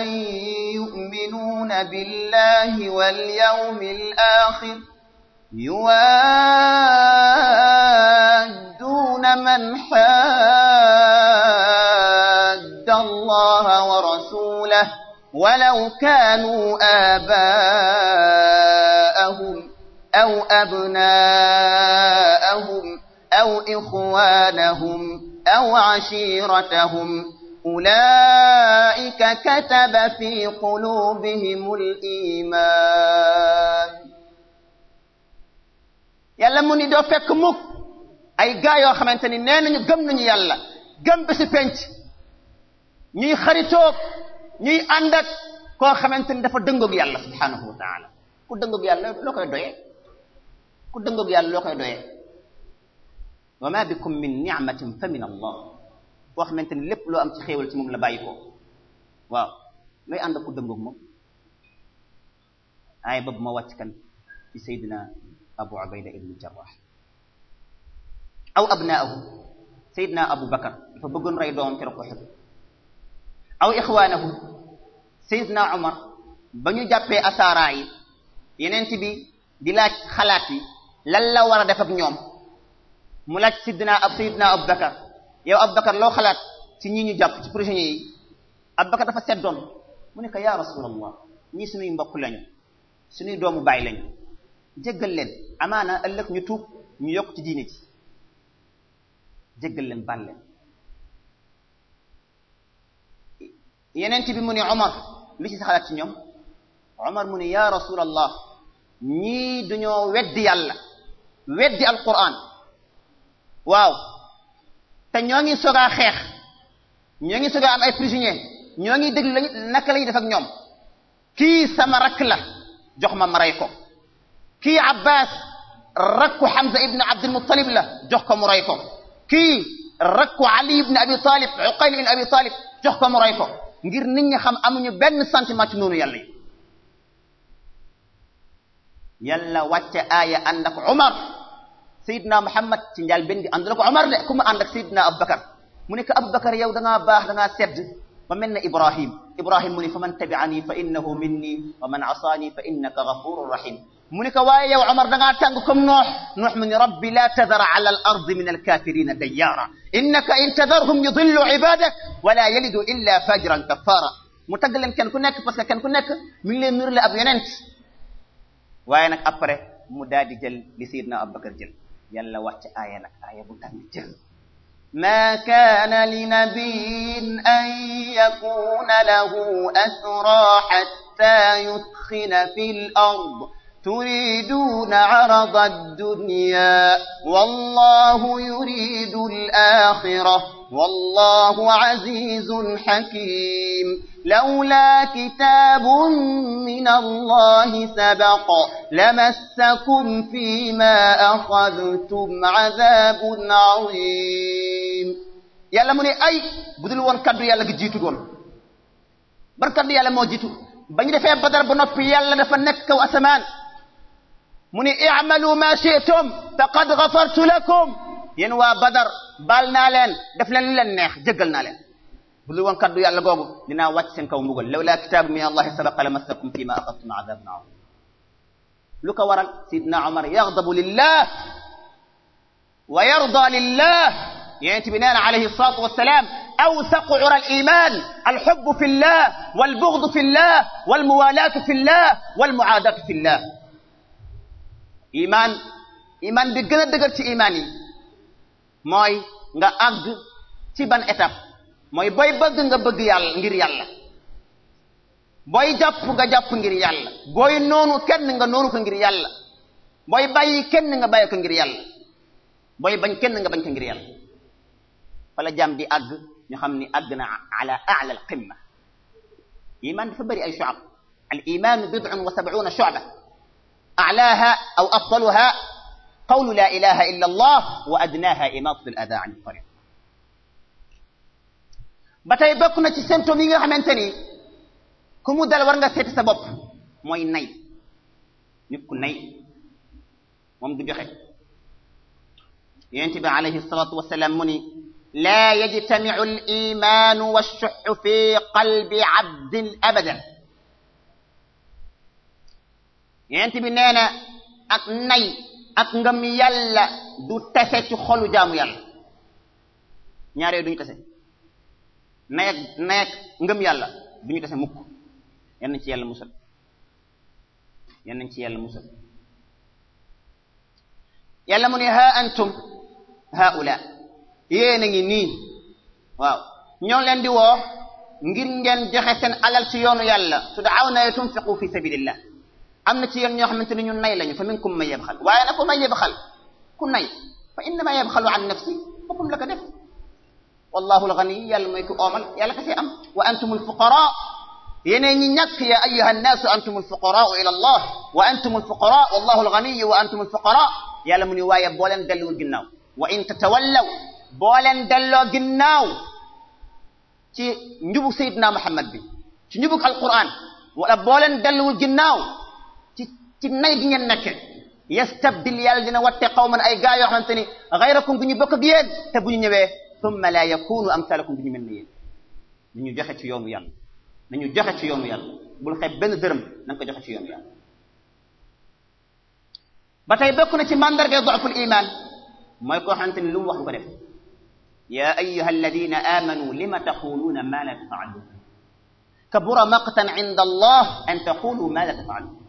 يؤمنون بالله واليوم الآخر يوادون من حاد الله ورسوله ولو كانوا آباءهم أو أبناءهم أو إخوانهم أو عشيرتهم أولئك كتب في قلوبهم الإيمان yàlla mu ni doo fekk mukk ay gaa yoo xamante ni nee nañu gëm nañu yàlla gëm bi si penc ñuy xaritoog ñuy ànd ak koo xamante ni dafa dëngoog yàlla subhanahu wa taala ku dëngoog yàlla loo koy doyee ku dëngoog yàlla loo koy doyee wa ma bikum min ni'matin fa min allah koo xamante ni lépp loo am ci xéewal ci moom la bàyyi ko waaw looy ànd ak ku dëngoog moom aaya boobu ma wàcc kan ci saydina abu ubayda ibnu jarrah aw abnaahu saydina abu bakar dafa bëggoon rey doomam ci rek ko aw ixwaanahu Seydina Omar ba ñu jàppee asaaraa yi yeneen bi di laaj xalaat yi lan la war a def ñoom mu laaj Seydina ab Seydina Abubakar yow Abubakar loo xalaat ci ñi ñu jàpp ci prisonniers yi Abubakar dafa seddoon mu ne ko yaa rasulallah ñii suñuy mbokk lañu suñuy doomu baay lañu jéggal leen amaana ëllëg ñu tuub ñu yokk ci diine ji leen baal leen yenent bi mu ni Omar lu ci sa xalaat ci ñoom Omar mu ni ya rasulallah ñii duñoo weddi yàlla weddi alquran waaw te ñoo ngi soog a xeex ñoo ngi soog am ay prisonniers ñoo ngi déglu lañu naka la ñuy def ak ñoom kii sama rakk la jox ma ma rey ko kii Abbas rakku Hamza ibn Abdul Muttalib la jox ko mu rey ko kii rakku Ali ibn Abi Talib Uqayl ibn Abi Talib jox ko mu rey ngir nit ñi xam amuñu benn sentiment ci noonu yàlla yi yàlla wàcce aaya ànd ak Umar Seydina Muhammad ci njaal benn gi ànd la ko Umar de ku mu ànd ak Seydina Abubakar mu ne ko Abubakar yow da ngaa baax da ngaa sedd ba mel ne Ibrahim Ibrahim mu ne fa man tabi'ani fa innahu minni wa man asaani fa innaka ghafurur rahim mu ne ko waaye yow Umar da ngaa tàng comme Nuux Nuux mu ne rabbi la tadar ala al ardi min al kafirina dayyaara innaka in tadarhum yudillu ibadak wala yalidu illa fajiran kafara mu tagg leen kenn ku nekk parce que kenn ku nekk mi ngi leen nurle ab yonent waaye nag après mu daal di jël li sayidna abubakar jël yàlla wàcc aaya nag aaya bu tàng jël ما كان لنبي أن يكون له أسرى حتى يثخن في الأرض تريدون عرض الدنيا والله يريد الآخرة والله عزيز حكيم لولا كتاب من الله سبق لمسكم فيما أخذتم عذاب عظيم yàlla mu ne ay budul woon kaddu yàlla gi jiitu woon bar kaddu yàlla moo jiitu ba ñu defee badar ba noppi yàlla dafa nekk kaw asamaan mu ni i'malu ma shi'tum faqad ghafartu lakum yéen waa badar baal naa leen def leen li leen neex jëggal naa leen bu lu woon kaddu yàlla googu dinaa wàcc seen kaw mbugal lawla kitaabu min allahi sabaqa lamassakum fi ma axadtum azabun azim lu ko waral sidna omar yaxdabu lillah wa yarda lillah yonent bi nee na alayhi salaatu wassalaam awsaqu ura aliman alxubbu fi llah walbughdu fi llah walmuwalaatu fi llah walmuaadatu fi llah imaan imaan bi gën a dëgër ci imaan yi mooy nga àgg ci ban étape mooy booy bëgg nga bëgg yàlla ngir yàlla booy jàpp nga jàpp ngir yàlla booy noonu kenn nga noonu ko ngir yàlla booy bàyyi kenn nga bàyyi ko ngir yàlla booy bañ kenn nga bañ ko ngir yàlla wala jàmm di àgg ñu xam ni àgg na ala ala al qimma iman dafa bëri ay shu'ab al iman bid'un wa sab'una shu'ba أعلاها أو أفضلها قول لا إله إلا الله وأدناها إماطة الأذى عن الطريق ba tey bokk na ci symptôme yi nga xamante ni ku mu dal war nga seeti sa bopp mooy nay nit ku nay moom du joxe yonente bi alayhi salatu wasalaam mu ni laa yajtamiu al imaanu wa shuxu fi qalbi abdin abadan yonent bi nee na ak nay ak ngëm yàlla du tese ci xolu jaamu yàlla ñaaree duñu tese nay ak nay ak ngëm yàlla duñu tese mukk yan nañ ci yàlla musal yan nañ ci yàlla musal yàlla mu ne ha antum haula yéen a ngi nii waaw leen di woo ngir ngeen joxe seen alal ci yoonu yàlla su daaw na tunfiqu fi sabilillah am na ci yéen ñoo xamante ne ñu nay lañu fa minkum man yabxal waaye nag ku may yabxal ku nay fa innama yabxalu an nafsi boppam la ko def wallahu alxani yàlla mooy ku oomal yàlla kese am wa antumul fuqara yeneen ñi ñàkk ya ayyuha annaasu antumul fuqara ila allah wa antumul fuqara wallahu alxani wa antumul fuqara yàlla mu ni waaye boo leen delluwul ginnaaw wa in tatawallaw boo leen delloo ginnaaw ci njubug sayidna muhammad bi ci njubug alquran wala boo leen delluwul ginnaaw ci nay gi ngeen nekke yastabdil yàlla dina watte qawman ay gaa yoo xamante ni xayrakum bu ñu bokk ak yéen te bu ñu ñëwee thumma la yakunu amsalakum bu ñu mel ni yéen nañu joxe ci yoonu yàlla nañu joxe ci yoonu yàlla bul xeeb benn dërëm na nga ko joxe ci yoonu yàlla ba tey bokk na ci mandargay doful iman mooy koo xamante ni lu mu wax du ko def ya ayyuha alladina amanu lima taquluuna ma la tafaaluun kabura maqtan inda allah an taqulu ma la tafaaluun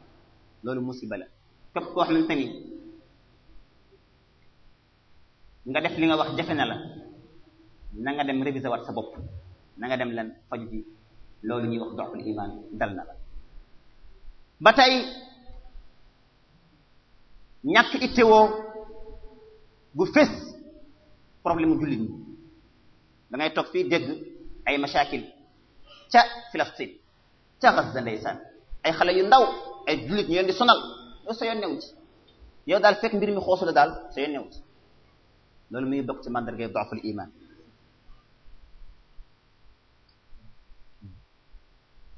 loolu musiba la képp koo xamante ni nga def li nga wax jafe na la na nga dem réviser waat sa bopp na dem lan faju ji loolu ñuy wax doxul iman dal na la ba tey ñàkk ittewoo gu fés problème mu jullit ñi ngay toog fii dégg ay mashakil ca Filastin ca Gaza ndeysaan ay xale yu ndaw ay jullit ñu leen di sonal yow sa daal fekk mbir mi xoosu la daal sa yoon new ci loolu muy bokk ci mandargay doxful iman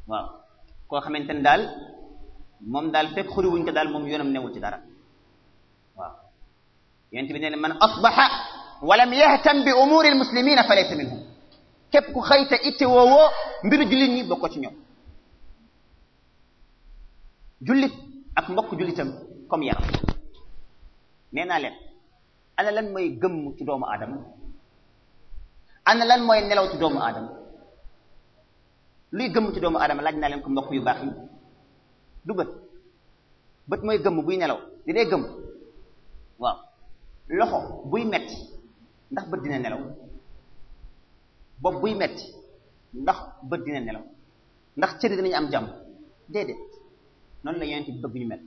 waaw koo xamante ne daal moom daal fekk xuri wuñ ko daal moom yoonam newu ci dara waaw yonent bi nee na man asbaha walam yahtam bi umuri almuslimina fa laysa minhum képp ku xëy te itte woowoo mbiru jullit ñi bokkoo ci ñoom jullit ak mbokk jullitam comme yaram nee naa leen ana lan mooy gëmm ci doomu aadama ana lan mooy nelaw ci doomu aadama luy gëmm ci doomu aadama laaj naa leen ko mbokk yu baax yi du bët bët mooy gëmm buy nelaw di dee waaw loxo buy metti ndax bët dina nelaw bopp buy metti ndax bët dina nelaw ndax cëri dinañu am jàmm déedéet noonu la yonent bi bëgg ñu mel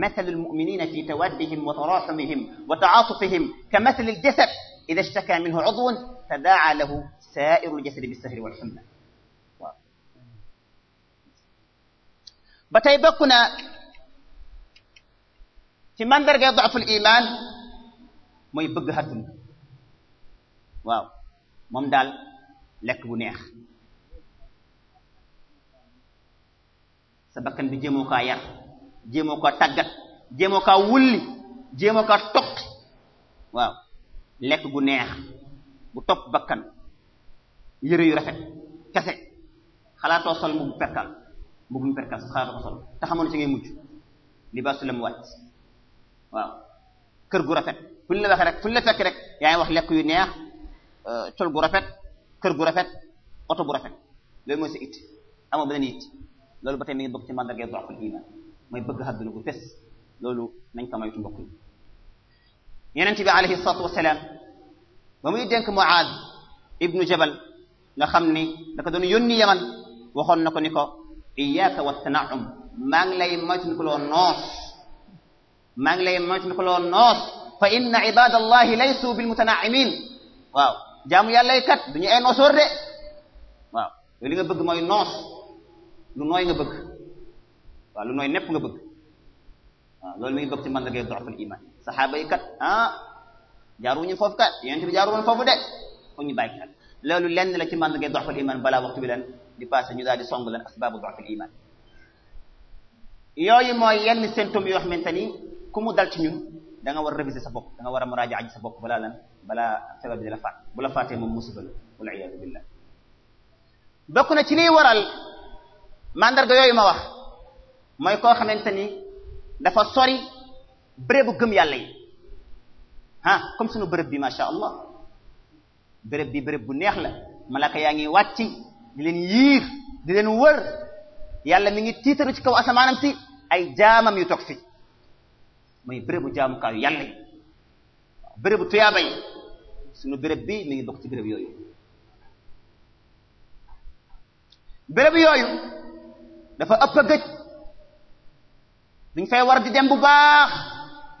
mathalu lmuminina fi tawaddihim wa tarahumihim wa taatufihim ka mathali aljasad ida ishtaka minhu udwun tadaaca lahu saairu aljasadi bilsahri walxumma waaw ba tey bokk na ci mandarga daful iman mooy bëgg xadduna waaw moom daal lekk bu neex sa bakkan bi jéemoo kaa yar jéemoo kaa tàggat jéemoo kaa wulli jéemoo kaa toqi waaw lekk gu neex bu topp bakkan yére yu rafet kese xalaatoo sol mbubu perkal mbubu mu perkal sa xalaatoo ko sol te xamoon ci ngay mujj libaasu lam wàcc waaw kër gu rafet fu ñu la waxee rek fu la fekk rek yaa wax lekk yu neex euh, col gu rafet kër gu rafet oto bu rafet loolu mooy sa it amoo beneen it loolu ba tey mi ngi bokk ci mandarga doxul iman mooy bëgg àdduna bu fes loolu nañ ko moytu mbokk yi yenente bi alayhi salatu wasalaam ba muy dénk Muaaz ibnu Jabal nga xam ni da ko doon yaman waxoon na ko ni ko iyyaka wa tanaum maa ngi lay moytu ko loo noos maa ngi lay moytu ko loo noos fa inna ibadallahi laysu bil mutanaimin waaw jaamu yàlla kat duñu ay noosoor de waaw li nga bëgg mooy noos lu nooy nga bëgg waaw lu nooy nepp nga bëgg waaw loolu mi ngi bokk ci mandarga doxful a saxaaba yi kat ah ñu foofu kat yonent bi jaaru woon foofu de foog ñu bàyyi kat loolu lenn la ci man mandarga di iman balaa waxtu bi leen di passé ñu daal di song leen asbaabu doxful iman yooyu mooy yenn symptômes yoo xamante ni ku mu dal ci ñun danga war a sa bopp da war a muraaja ji sa bopp balaa lan balaa feebar bi di la faat bu la faatee moom musiba la wal iyaadu billah bokk na ci liy waral mandarga yooyu ma wax mooy koo xamante ni dafa sori bérébu gëm yàlla yi ah comme sunu béréb bi macha allah béréb bi béréb bu neex la malaka yaa ngi wàcc di leen yiir di leen wër yàlla mi ngi tiitaru ci kaw asamaanam si ay jaamam yu toog si mooy bérébu jaamukaayu yàlla yi bérébu sunu béréb bi mi ngi bokk ci yooyu béréb yooyu dafa ëpp a gëj duñ fay war di dem bu baax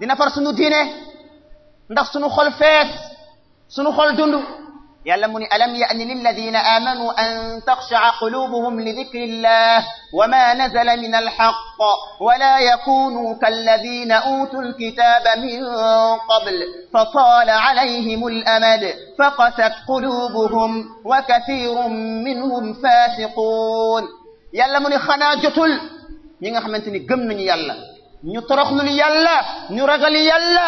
dina far sunu diine ndax sunu xol fees sunu xol dund yàlla mu ni alam yaani lilladina amanu an taxshaa qulubuhum li dikri illah wa ma nazala min alxaq wala yakunu kalladina utu alkitaba min qabl fa taala alayhim alamad faqasat qulubuhum wa kathirun minhum fasiqun yàlla mu ne xanaa jotul ñi nga xamante ni gëm nañu yàlla ñu toroxlu li yàlla ñu ragali yàlla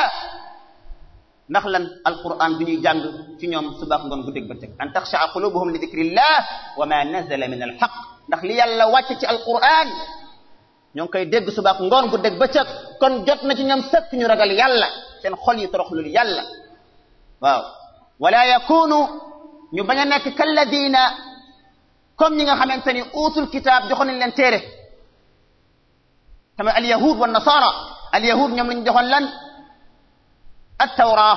ndax lan alquran bi ñuy jàng ci ñoom subaak ngoon guddeeg bëccëg an taxsha qulubuhum li dhikrillah wa ma nazala min alhaq ndax li yàlla wàcce ci alquran ñoo ngi koy dégg subaak ngoon guddeeg bëccëg kon jot na ci ñoom sëkk ñu ragal yàlla seen xol yi toroxlu li yàlla waaw wala yakunu ñu bañ a nekk kalladina comme ñi nga xamante ni uutul kitaab joxoon nañ leen téere tamit alyahud wa nasara alyahud ñoom lañ joxoon lan at tawra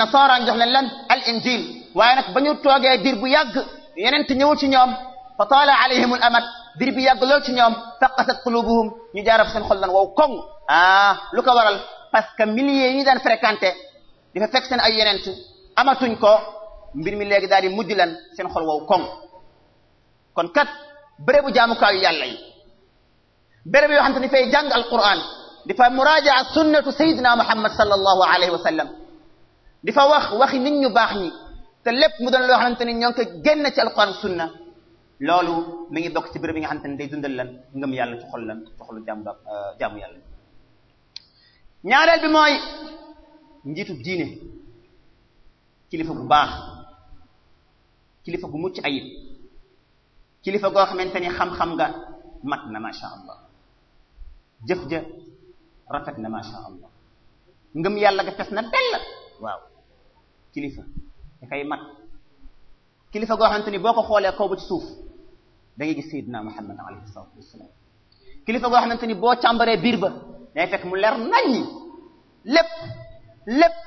nasara jox leen lan al injil waaye nag ba ñu toogee diir bu yàgg yenent ñëwul ci ñoom fa taala alayhim al amad diir bi yàgg lool ci ñoom faqasat qulubuhum ñu jaarab seen xol lan wow koŋ ah lu ko waral parce que milliers yi ñu daan fréquenté dafa fekk seen ay yenent amatuñ ko mbir mi léegi daal di mujj lan seen xol wow koŋ kon kat bérébu jaamukaayu yàlla yi béréb yoo xamante ni fay jàng alquran di fa muraajaa sunnatu sayidina muhammad sallallahu alayhi wa sallam di fa wax waxi nit ñu baax ñi te lépp mu doon loo xamante ni ñoo ngi ko génn ci alquran sunna loolu mi ngi bokk ci béréb yi nga xamante ni day dundal lan ngëm yàlla ci xol lan ci xolu jaamu euh, jaamu yàlla ñaareel bi mooy njiitu diine kilifa bu baax kilifa bu mucc ayib kilifa goo xamante ni xam-xam nga mat na macha allah jëf ja rafet na macha allah ngëm yàlla ga fes na dell waaw kilifa dafay mat kilifa goo xamante ni boo ko xoolee kaw ba ci suuf da ngay gis sayyidina muhammad alayhi salatu wassalam kilifa goo xamante ni boo càmbaree biir ba day fekk mu leer naññi lépp lépp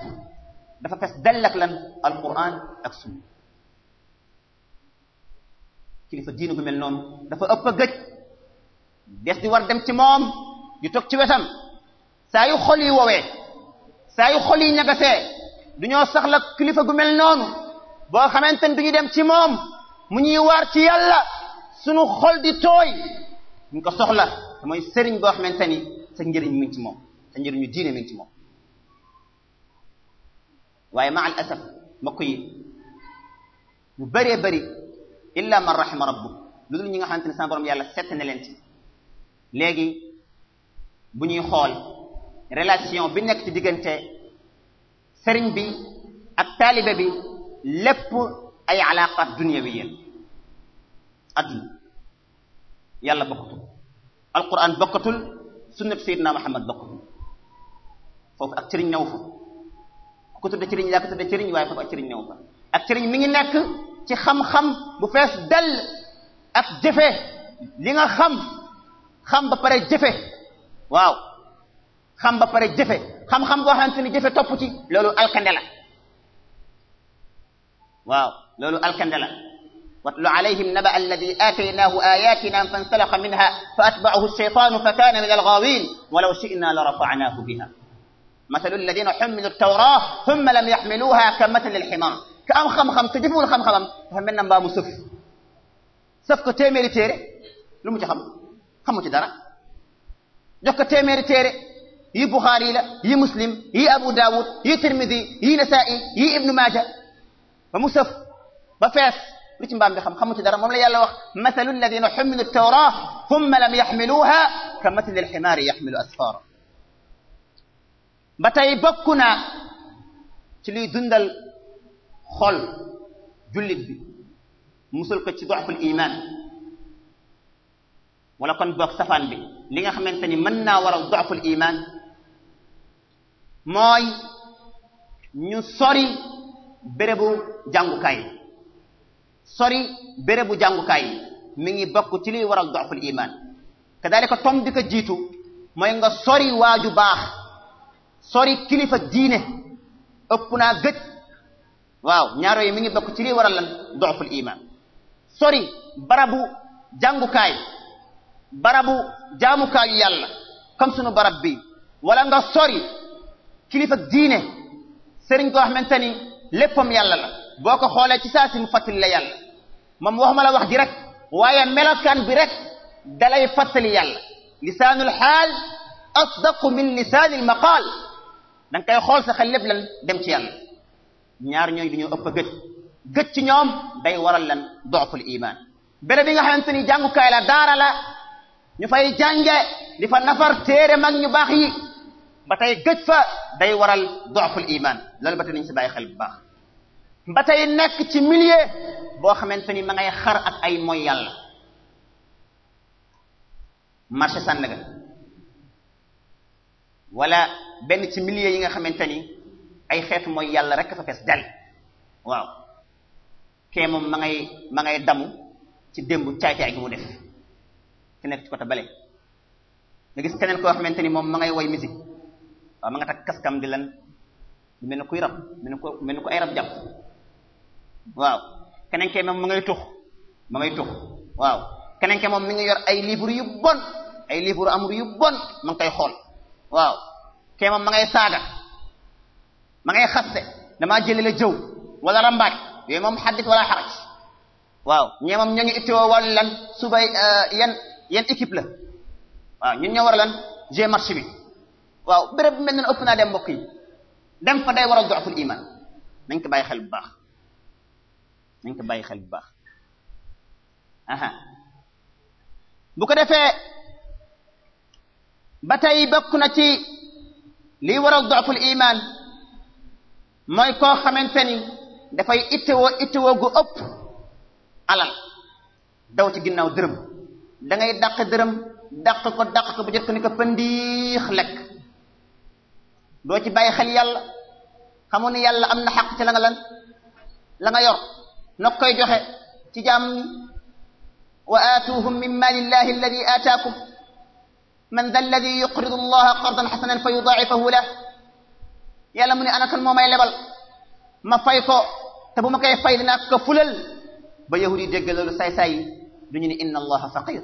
dafa fes dell ak lan alquran ak sunna kilifa diinu gu mel noonu dafa ëpp a des di war dem ci moom di toog ci wetam saa yu xol yi woowee saa yu xol yi ñagasee du saxla kilifa gu mel noonu boo xamante ne du dem ci moom mu ñuy waar ci yàlla sunu xol di tooy ñu ko soxla te mooy sëriñ boo xamante ni sa njëriñ mi ngi ci moom sa njëriñu diine mi ci moom waaye ma al asaf mbokk ñu bëree bëri illa man rahima rabbuk lu dul ñi nga xamante ne sama borom yàlla sett na leen bu ñuy xool relation bi nekk ci diggante sëriñ bi ak taalibe bi lépp ay alaqat dunyawiyya adduna yàlla bokkatul alquran bokkatul sunnab sayyidina Muhammad bokkatul foofu ak sëriñ new fa ku ko tudde sëriñ yaa ko tudde sëriñ waaye foofu ak sëriñ new ak sëriñ mi ngi nekk ci xam-xam bu fees dell ak jëfe li nga xam xam ba pare jëfe waaw xam ba pare jëfe xam-xam boo xamante ni jëfe topp ci loolu alkande la waaw loolu alkande la watlu alayhim naba alladi aataynaahu ayatina fansalaxa minha fa atbaahu alcheytaanu fa kaana min algaawin walaw shina la rafacnaahu biha mathalu alladina xummilu altawraa humma lam yaxmiluha ka mathali alximaar ka am xam-xam te jëfewul xam-xamam dafa mel na mbaa mu sëf sëf ko téeméeri téere lu mu ci xam xamu ci dara jox ko téeméeri téere yi Buxaari la yi Muslim yi Abu Dawud yi Tirmidi yi Nasaa'i yi Ibnu Maaja ba mu sëf ba fees lu ci mbaam bi xam xamu ci dara moom la yàlla wax mathalu alladina xumilu tawra thumma lam yaxmiluha ka mathali alximaari yaxmilu asfaara ba tey bokk naa ci luy dundal xol jullit bi musul ko ci doxul iman wala kon boog safaan bi li nga xamante ni mën naa waral doxul iman mooy ñu sori bérébu jàngukaay yi sori bérébu jàngukaay yi mi ngi bokk ci liy waral doxul iman kadalika tom di ko jiitu mooy nga sori waaju baax sori kilifa diine ëpp naa gëj waaw ñaaro yi mi ngi bokk ci lii waral lan doxful iman sori barabu jàngukaay barabu jaamukaayu yàlla comme sunu barab bi wala nga sori kilifa diine sëriñ koo xamante ni léppam yàlla la boo ko xoolee ci saa si mu fàttali la yàlla moom waxuma la wax ji waaye melokaan bi rek dalay fàttali yàlla lisaanul xaal asdaqu min lisaanil maqaal da nga koy xool sa xel lépp lan dem ci yàlla ñaar ñooñ bi ñoo ëpp gëj gëj ci ñoom day waral lan dooful iman bele bi nga xamante ni jàngukaay la daara la ñu fay jànge di fa nafar téere mag ñu baax yi ba tey gëj fa day waral dooful iman loolu ba tey nañ si bàyyi xel bu baax ba tey nekk ci milieu boo xamante ni ma xar ak ay mooy yàlla marché Sandaga wala benn ci milieu yi nga xamante ni ay xeetu mooy yàlla rek fa fees dell waaw kee moom ma ngay ma ngay damu ci démb caay-caay gi mu def ki nekk ci côté bale ni moom ma ngay woy musique waaw ma nga takk kaskam di lan mel ni kuy rab mel ni ko mel ni ko ay rab jàpp waaw keneen kee moom ma ngay tux ma ngay tux waaw keneen kee moom mi ngi yor ay livre yu ay livre amur yu bon ma koy xool waaw moom ma ngay saaga ma ngay xaste damaa jëlee a jëw wala rambaaj yooyu moom xaddis wala xaraj waaw ñee moom ñoo ngi ittiwoo wàllu lan suba euh, yan yan équipe la waaw ñun ñoo war a lan jeu match bi waaw béréb bi mel ne ëpp naa dem mbokk yi dem fa day war a doxul iman nañ ko bàyyi xel bu baax nañ ko bàyyi xel bu baax aha bu ko defee ba tey bokk na ci liy war a doxul iman mooy koo xamante ni dafay ittewoo ittewoo gu ëpp alal daw ci ginnaaw dërëm da ngay dàq dërëm dàq ko daq ko bu jot ko ni ko doo ci bàyyi xel yàlla xamu ni yàlla am na xaq ci la nga nga yor nag koy joxe ci jaam ñi wa aatuhum min maali llahi alladi aataakum man da alladi yuqridu allaha qardan xasanan fa yudaa'ifahu lahu yàlla mu ne ana kan moo may lebal ma fay ko te bu ma koy fay dinaa ko fulal ba yahudi dégg loolu saay-saay du ñu ne inna allaha faqir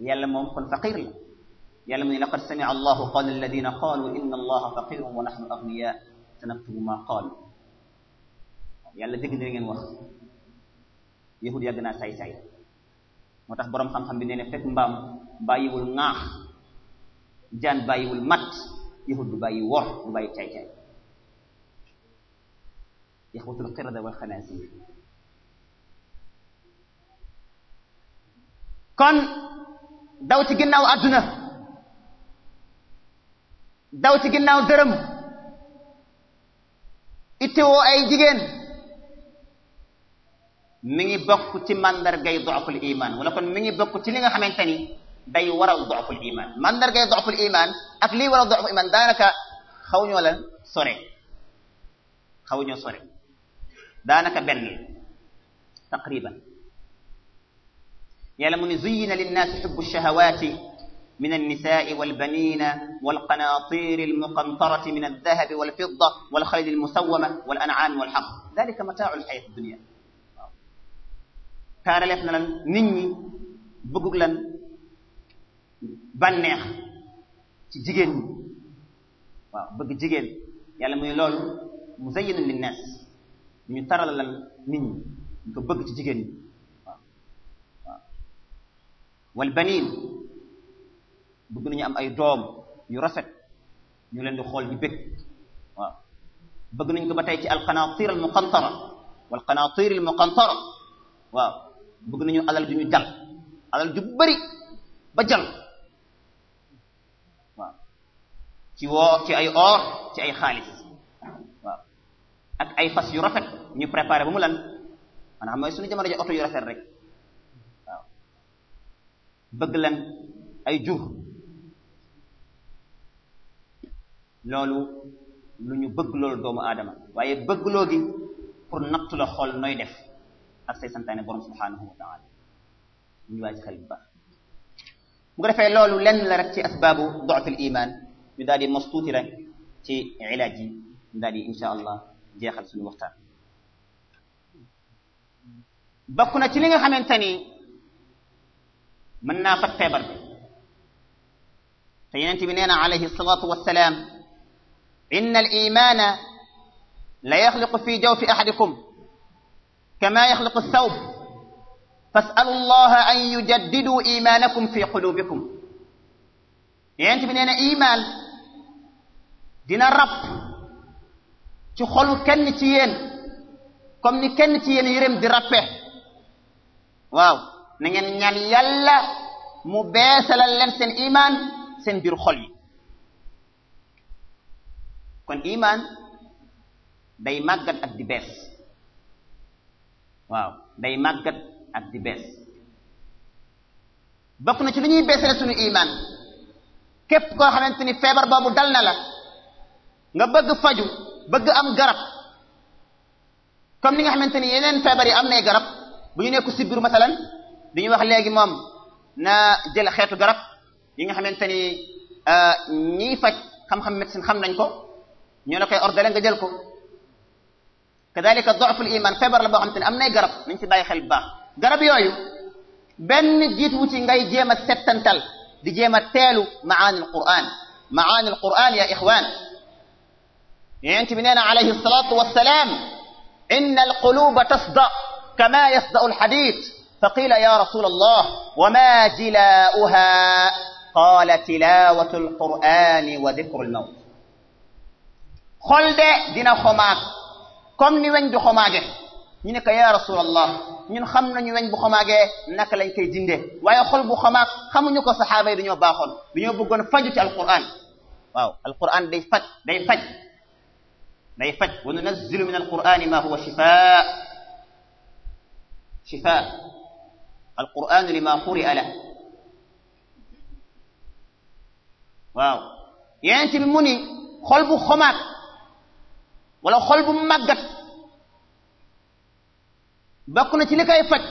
yàlla moom kon faqir la yàlla mu ne laqad samia allahu qawla alladina qalu inna allaha faqirun wa nahnu aghniya sanaktubu ma qalu yàlla dégg na ngeen wax yahudi yàgg naa saay-saay moo tax boroom xam-xam bi nee ne fekk mbaam bàyyiwul ŋaax jaan bàyyiwul mat yahut du bàyyi wor du bàyyi caay-caay yaxwatul qirada wal xanaasir kon daw ci ginnaaw adduna daw ci ginnaaw dërëm ittewoo ay jigéen mi ngi bokk ci màndargay doxul iman wala kon mi ngi bokk ci li nga xamante ni day waral doxul iman mandargay doxul iman ak lii waral doxul iman daanaka xaw ñoo la sore xaw ñoo sore daanaka benn la taqriban yàlla mu ne zuyyina linnaasi xubbu shahawaati min alnisaai walbanina walqanaatiri almuqantarati min aldahabi walfidda walxayli almusawama walancaami walxaq dalika mataacu alxayaati dunia waaw taaraleef na lan nit ñi bëggug lan bànneex ci jigéen ñi waaw bëgg jigéen yàlla muy loolu muzayyinun linnaas ñu taralal nit ñi ñu ko bëgg ci jigéen ñi wa waaw wal baniin bëgg am ay doom yu rafet ñu leen di xool ñu bëgg waaw bëgg nañ ko ba tey ci alqanaatiir almuqantara wal qanaatiir almuqantara waaw bëgg nañu alal ju ñu jal alal ju bari ba jal ci woo ci ay or ci ay xaalis ak ay fas yu rafet ñu préparé ba mu lan maanaam mooy suñu jamono ji oto yu rafet rek bëgg lan ay jur loolu lu ñu bëgg loolu doomu aadama waaye bëggloo gi pour nattu la xool nooy def ak say santaane borom subhanahu wa taala ñu waaj xel bu baax bu loolu lenn la rek ci asbaabu doxatul iman ñu daal di mos tuuti rek ci ilaaj yi ñu daal di incha allah jeexal suñu waxtaan bokk na ci li nga xamante ni mën naa faj feebar bi te yenent bi nee na alayhi salatu wassalaam inna al imana la yaxliqu fi jawfi ahadikum kama yaxliqu athawb fasalu allaha an yujaddidu imanakum fi qulubikum yenent bi nee na iman dina ràpp ci xolu kenn ci yéen comme ni kenn ci yéen yërëm di ràppe waaw na ngeen ñaan yàlla mu beesalal leen seen imaan seen biir xol yi kon imaan day màggat ak di waaw day màggat ak di bees bokk na ci lu ñuy beesale suñu imaan képp koo xamante ni feebar boobu dal na la nga bëgg faju bëgg am garab comme ni nga xamante ni yeneen feebar yi am nay garab bu ñu nekku sibbiru masalan bi ñu wax léegi moom na jël xeetu garab yi nga xamante ni euh, ñiy faj xam-xam médecine xam nañ ko ñoo la koy ordonné nga jël ko kadalika doful iman feebar la boo xamante ni am nay garab nañ ci bàyyi xel bu baax garab yooyu benn jiit wu ci ngay jéem a settantal di jéem a teelu maani al quran maani al quran ya ixwan yonent bi nee na alayhi salaatu wassalaam inna alquluba tasda kama yasdau alxadid fa qila ya rasul allah wa ma jilaa'uha qaala tilawatu alqurani wa dicru almawt xol de dina xomaag comme ni weñ du xomaage ñu ne ko ya rasul allah ñun xam nañu weñ bu xomaagee naka lañ koy dindee waaye xol bu xomaag xamuñu ko saxaaba yi dañoo baaxoon dañoo bëggoon faju ci alquran waaw alquran day faj day faj day faj wa nunazzilu min alqur'ani ma huwa shifaa shifaa alqur'anu lima quri'a la waaw yeneen bi mu ni xol bu xomaat wala xol bu màggat bokk na ci li koy faj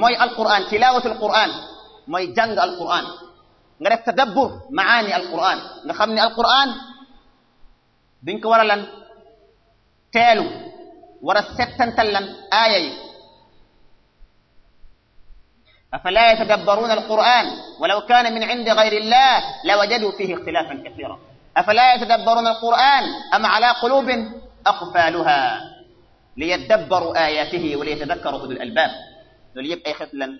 mooy alqur'an tilaawatu alqur'an mooy jàng alqur'an nga def tadabbur maani alqur'an nga xam ne alqur'an duñ ko war a lan teelu war a settantal lan aaya yi afalaa yatadabbaruuna alquran walaw kaana min indi gayri illah la wajadu fihi ixtilaafan kasiira afalaa yatadabbaruuna alquran am ala qulubin aqfaaluha liyadabbaru ayaatihi wa liyatadakkaru ulul albaab loolu yëpp ay xeet lan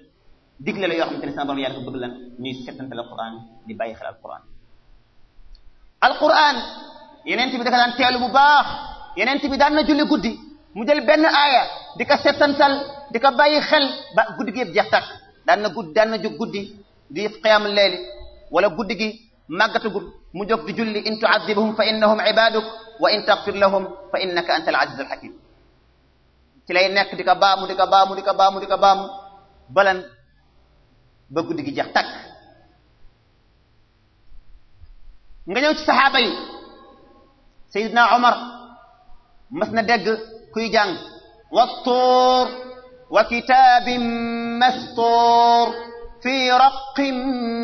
digle la yoo xamante ne sama borom yàlla ko bëgg lan ñuy settantal alquran di bàyyi xel alquran alquran yeneen bi dafa daan teelu bu baax yeneen bi daan na julli guddi mu jël benn aaya di ko settantal di ko bàyyi xel ba guddi gi yëpp jeex tàkk daan na guddi daan na jóg guddi di qiyaamul leeli wala guddi gi màggatugul mu jóg di julli in tu'adhibhum fa innahum ibaduk wa in taghfir lahum fa innaka antal azizul hakim ci lay nekk di ko baamu di ko baamu di ko baamu di ko baamu balan ba guddi gi jeex tàkk nga ñëw ci saxaaba yi Seydina Omar mas na dégg kuy jàng wattuur wa kitaabin mastuur fi raqqin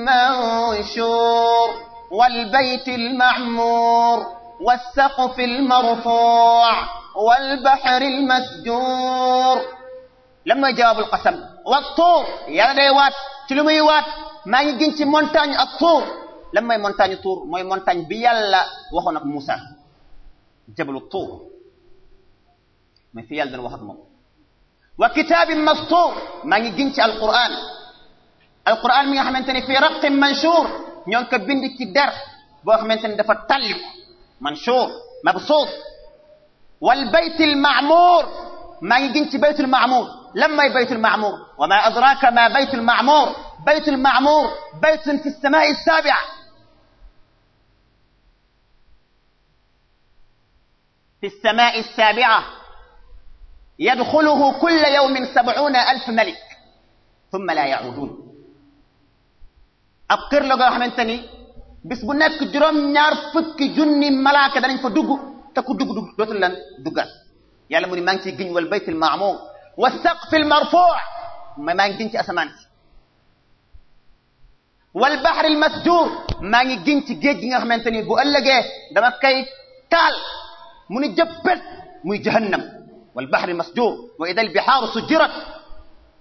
manshuur wal baytil ma'muur والسقف المرفوع والبحر المسجور لما جواب القسم والطور yàlla day waat ci lu muy waat maa ngi gën ci montagne ak tuur lan mooy montagne tuur mooy montagne bi yàlla waxoon ak Moussa jabalu tuur mais fii yàlla dana wax ak moom wa kitaabin mastuur maa ngi giñ ci alquran alquran mi nga xamante ne fii raqin manshuur ñoo ngi ko bind ci der boo xamante ne dafa talliku manshuur mabsuut wal baytil ma'muur maa ngi giñ ci baytul ma'muur lan mooy baytul ma'muur wa maa adraaka maa baytul ma'muur baytul ma'muur baytun fi samaa'i saabi'a fi samaa'i saabi'a yadxuluhu kulla yawmin sab'una alf malik thumma la ya'udun ab kër la goo xamante ni bis bu nekk juróom ñaar fukki junni malaaka danañ fa dugg te ku dugg dugg dootul lan duggal yàlla mu ni maa ngi ciy giñ wal bayt al ma'mur wa saqf al marfu' ma maa ngi giñ ci asamaan si wal bahr al masjur maa ngi giñ ci géej gi nga xamante ni bu ëllëgee dama kay taal mu ni jëppet muy jahannam wal bahri masjur wa idal bihaaru sujjirat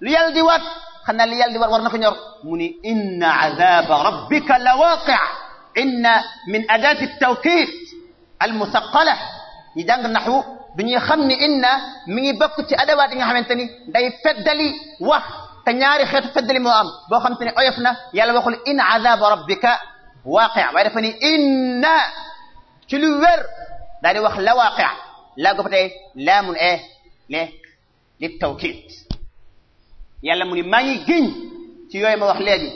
lu yàlla di waat xam naa li yàlla di war war na ko ñor mu ni inna azaba rabbika la waaqi' inna min adaati tawkiid al musaqala ñi jàng naxwu du ñuy xam ni inna mi ngi bokk ci adawaat yi nga xamante ni day feddali wax te ñaari xeetu feddali moo am boo xam te ne oyof na yàlla waxul in azaba rabbika waaqi' waaye dafa ni inna ci lu wér daal di wax la waaqi' lagopate laamun e le li tawkid yàlla mu ni maa ngi giñ ci yooyu ma wax léegi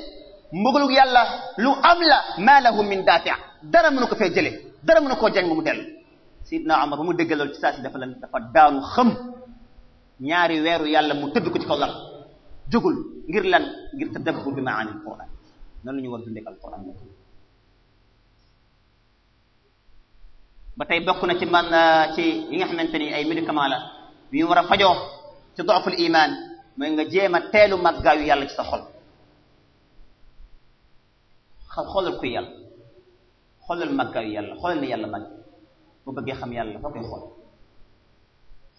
mbugalug yàlla lu am la ma lahu min dafi dara mënu ko fee jële dara mënu koo jañ mu mu dellu sidna Omar ba mu dégg loolu ci saa si daanu xam ñaari weeru yàlla mu tëdd ko ci kaw lal ngir lan ngir tadabbur bi maani alquran noonu la ñu war dundee alquran ba tey bokk na ci man euh, ci yi nga xamante ni ay médicament la yu ñu war a fajoo ci doxul iman mooy nga jéem a teelu màggaayu yàlla ci sa xol xam xoolal kuy yàlla xoolal màggaayu yàlla xoolal ne yàlla màgg bu bëggee xam yàlla foo koy xool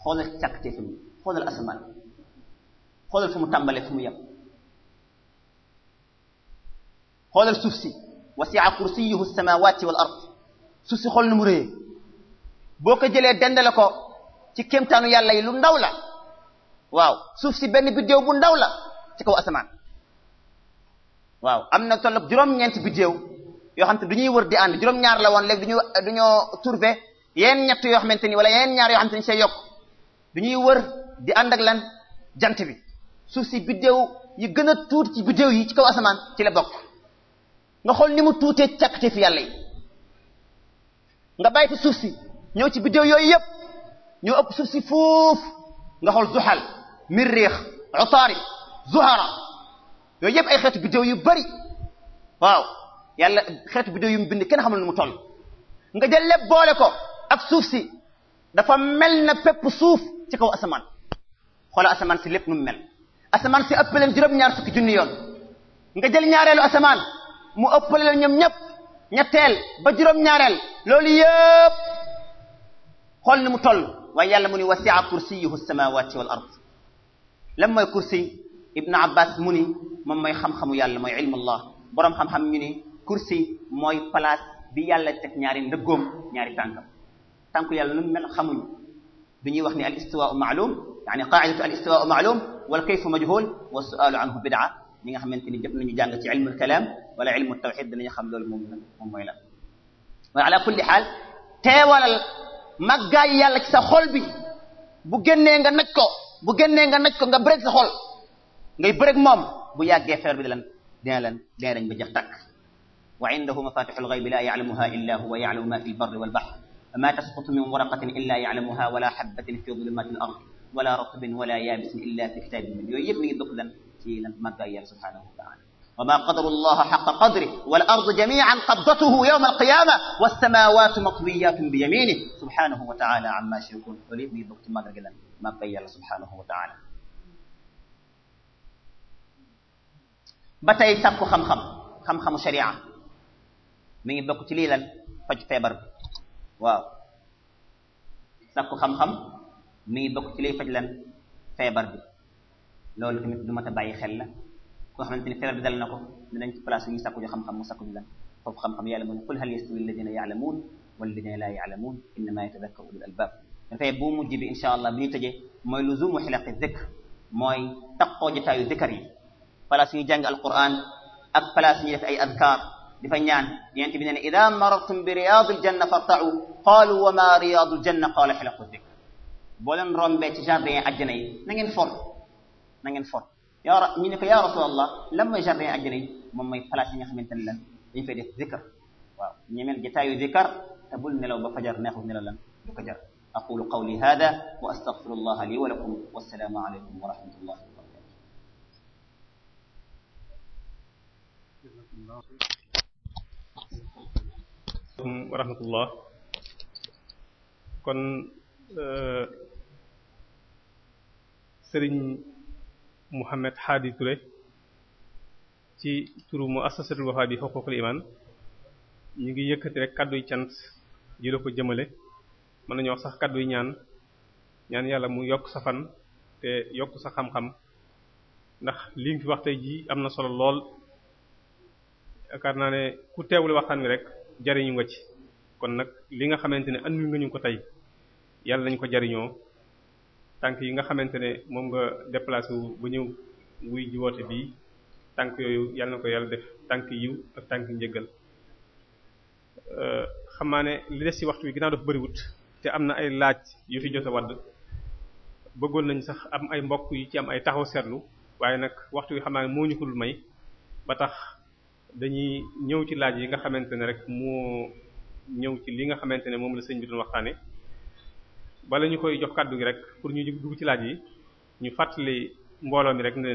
xoolal càkteefam xoolal asamaan xoolal fu mu tàmbalee fu mu yem xoolal suuf si wasi'a kursiyuhu as-samawati wal ard suuf si xool nu mu rëyee boo ko jëlee dendale ko ci kéemtaanu yàlla yi lu ndaw la waaw suuf si benn biddéew bu ndaw la ci kaw asamaan waaw am na tolloog juróom-ñeenti biddéew yoo xam te du ñuy wër di ànd juróom la woon léegi du ñu ñoo trouvé yeneen ñett yoo xamante ni wala yeneen ñaar yoo xamante ni see ñuy wër ànd ak lan jant bi suuf si biddéew yi gën a tuut ci biddéew yi ci kaw asamaan ci la bokk nga xool ni mu tuutee càkkte fi yàlla yi nga bàyyi fi suuf si ñëw ci biddéew yooyu yëpp ñoo ëpp suuf si fuuf nga xool zuxal mirriix utaari zuhara yooyu yëpp ay xeetu biddéew yu bari waaw yàlla xeetu biddéew yu mu bind kenn xamul nu mu toll nga jël lépp boole ko ak suuf si dafa mel na pépp suuf ci kaw asamaan xoola asamaan si lépp nu mel asamaan si ëpp leen juróom-ñaar fukki junni yoon nga jël ñaareelu asamaan mu ëppale leen ñoom ñëpp ñetteel ba juróom-ñaareel loolu yëpp xool ni mu toll waaye yàlla mu ni wasi'a kursiyuhu samawati wal ard lan mooy kursi ibnu abbas mu ni moom mooy xam-xamu yàlla mooy ilmu allah boroom xam-xam ñu ni kursi mooy place bi yàlla teg ñaari ndëggoom ñaari tànkam tànku yàlla nu mel xamuñu bi ñuy wax ni al istiwaau maalum yaani qaidatu al istiwaau maalum wal kayfu majhul wa sualu anhu bidaa ñi nga xamante ni jot nañu jàng ci ilmul kalaam wala ilmu tawxid danañu xam loolu moom moom mooy la wa ala kulli xaal teewalal màggaay yàlla ci sa xol bi bu génnee nga naj ko bu génnee nga naj ko nga bëreeg sa xol ngay bëreeg moom bu yàggee feer bi di leen dina leen dina dañ ba jeex tàkk wa indahu mafatixul gaybi la yalamuha illa huwa wa yalamu ma fi lbarri walbaxr ma tasqutu min waraqatin illa yalamuha wala xabatin fi dulumaati l ard wala ratbin wala yaabisin illa fi kitaabin min yooyu yëpp mi ngi bokk lan ci lan màggaay yàlla subhanahu wa taala وما قدر الله حق قدره والأرض جميعا قبضته يوم القيامة والسماوات مطويات بيمينه سبحانه وتعالى عما يشركون ولي mi bokk ci màggal gi lan màggay yàlla subhanahu wa taala ba tey sàkku xam-xam xam-xamu sharia mi ngi bokk ci lii lan faj feebar bi waaw sàkku xam-xam mi ngi bokk ci lii faj lan feebar bi loolu tamit du mat a bàyyi xel la koo xamante ni feebar bi dal na ko dinañ ci place ñu sàkku ju xam-xam mu sàkku ju lan foofu xam-xam yàlla mun qul hal yastawi alladina yaalamuun walladina laa yaalamuun innama yatadakkaru ulul albab dafay bu mujj bi insha allah bi ñu tëjee mooy luzumu xilaqi zikr mooy taqoo jotaayu zikar yi place ñu jàng alquran ak place ñu def ay adkar di fa ñaan yent bi nee ne ida marartum bi riyaadu aljanna fartau qaalu wa ma riyaadu aljanna qaala xilaqu zikr boo leen rombee ci jardin ajjana yi na ngeen for na ngeen for yaa ñu ne ko ya rasulallah lan mooy jardin àjjana yi moom mooy place yi nga xamante ne lan dañ fay def zikr waaw ñemeel jataayu zikr te bul nelaw ba fajar neexul nelaw lan du ko jar aqulu qawli hada wa astaghfirullah li wa lakum wassalaamu alaykum wa rahmatullahi wa barakatuh wa rahmatullah kon eh, sëriñ Mouhamed Hadi Touré ci turu mu assasatul Wafa bi huququl iman ñu ngi yëkkati rek kaddu yu cant ji la ko jëmale mën nañu wax sax kàddu yu ñaan ñaan yàlla mu yokk sa fan te yokk sa xam-xam ndax li nga fi wax tey jii am na solo lool yaakaar naa ne ku teewule waxtaan wi rek jariñu nga ci kon nag li nga xamante ne andi nga ñu ko tey yàlla nañu ko jariñoo tànk yi nga xamante ne moom nga déplacé wu ba ñëw wuy ji woote bii tànk yooyu yal na ko yàlla def tànk yiw ak tànk njëggal euh, xam naa ne li des ci waxtu wi ginnaaw dafa bëriwut te am na ay laaj yu fi jot a wadd bëggoon nañ sax am ay mbokk yi ci am ay taxaw seetlu waaye nag waxtu wi xam naa ne moo ñu ko may ba tax dañuy ñëw ci laaj yi nga xamante ne rek moo ñëw ci li nga xamante ne moom la sëñ bi doon waxtaane bala ñu koy jox kàddu gi rek pour ñu dugg ci laaj yi ñu fàttali mbooloo mi rek ne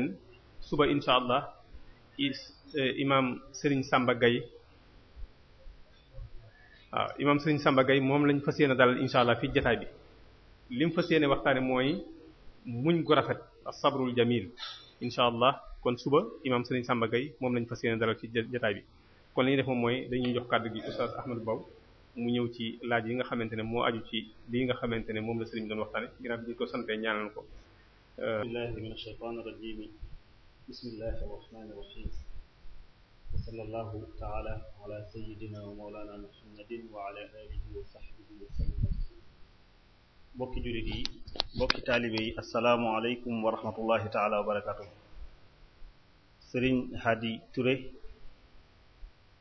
suba incha allah eh, imam sëriñ Samba Gaye waaw imam Serigne moom lañ fas yéene dalal incha allah fii jotaay bi li mu fas yéene waxtaane mooy muñ gu rafet as-sabrul jamil incha allah kon suba imam Serigne Samba Gaye moom lañ fas yéene dalal ci jataay bi kon li ñuy def moom mooy dañuy jox kàddu gi Oustaz Ahmadou Baw mu ñëw ci laaj yi nga xamante ne moo aju ci lii nga xamante ne moom la sëriñ doon waxtaane ginnaaw ko sante ñaanal ko billahi min ashaytan irajim bismillahi arrahmani bokki jullit bokki taalibe yi assalaamu aleykum taala wa barakatuh Hadi Touré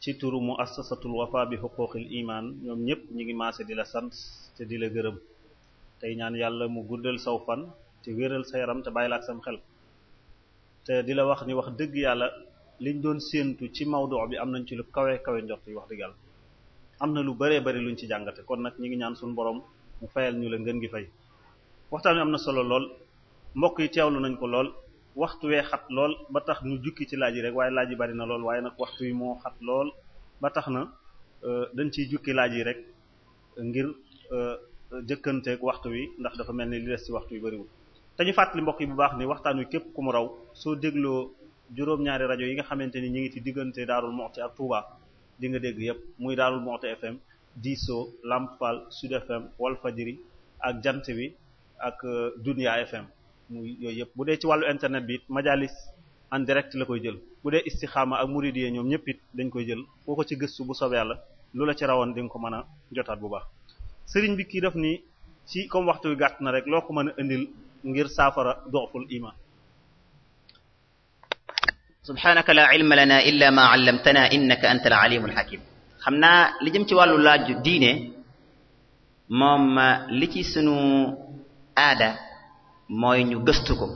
ci turu muassasatul wafa bi xuquqil iman ñoom ñëpp ñu ngi maase di la sant te di la gërëm tey ñaan yàlla mu guddal saw fan te wéral sa yaram te bàyyi la ak sam xel te di la wax ni wax dëgg yàlla liñ doon séentu ci mawdu bi am nañ ci lu kawe kawe njort yi wax dëgg yàlla am na lu bëree bëri luñ ci jàngate kon nag ñu ngi ñaan suñu borom mu fayal ñu la ngeen ngi fay waxtaan wi am na solo lool mbokk yi teewlu nañ ko lool waxtu wee xat lool ba tax ñu jukki ci laaj yi rek waaye laaj yi bari na lool waaye nag waxtu yi moo xat lool ba tax na euh, dañ ciy jukki laaj yi rek ngir euh, jëkkanteeg waxtu wi ndax dafa mel ni li des ci waxtu yi bariwul te ñu fàttali mbokk yi bu baax ni waxtaan wi képp ku mu raw soo dégloo juróom-ñaari rajo yi nga xamante ni ñu ngi ci diggante Darou Moukhty ak Touba di nga dégg yépp muy Darou Moukhty FM Diso lampal Fall Sud FM Walfadjri ak Jant wi ak euh, Dunya FM yooyu yëpp bu dee ci wàllu internet bi it majalis direct la koy jël bu dee istixaama ak muridiye ñoom ñëpp it dañ koy jël foo ko ci gëstu bu soobee la lu la ci rawoon di ko mën a jotaat bu baax sëriñ bi kii def ni ci comme waxtu wi gàtt na rek loo ko mën a indil ngir saafara dooful iman subhanaka la ilma lana illa ma allamtana innaka anta al alimul hakim xam naa li jëm ci wàllu laaj diine moom li ci sunu aada mooy ñu gëstu ko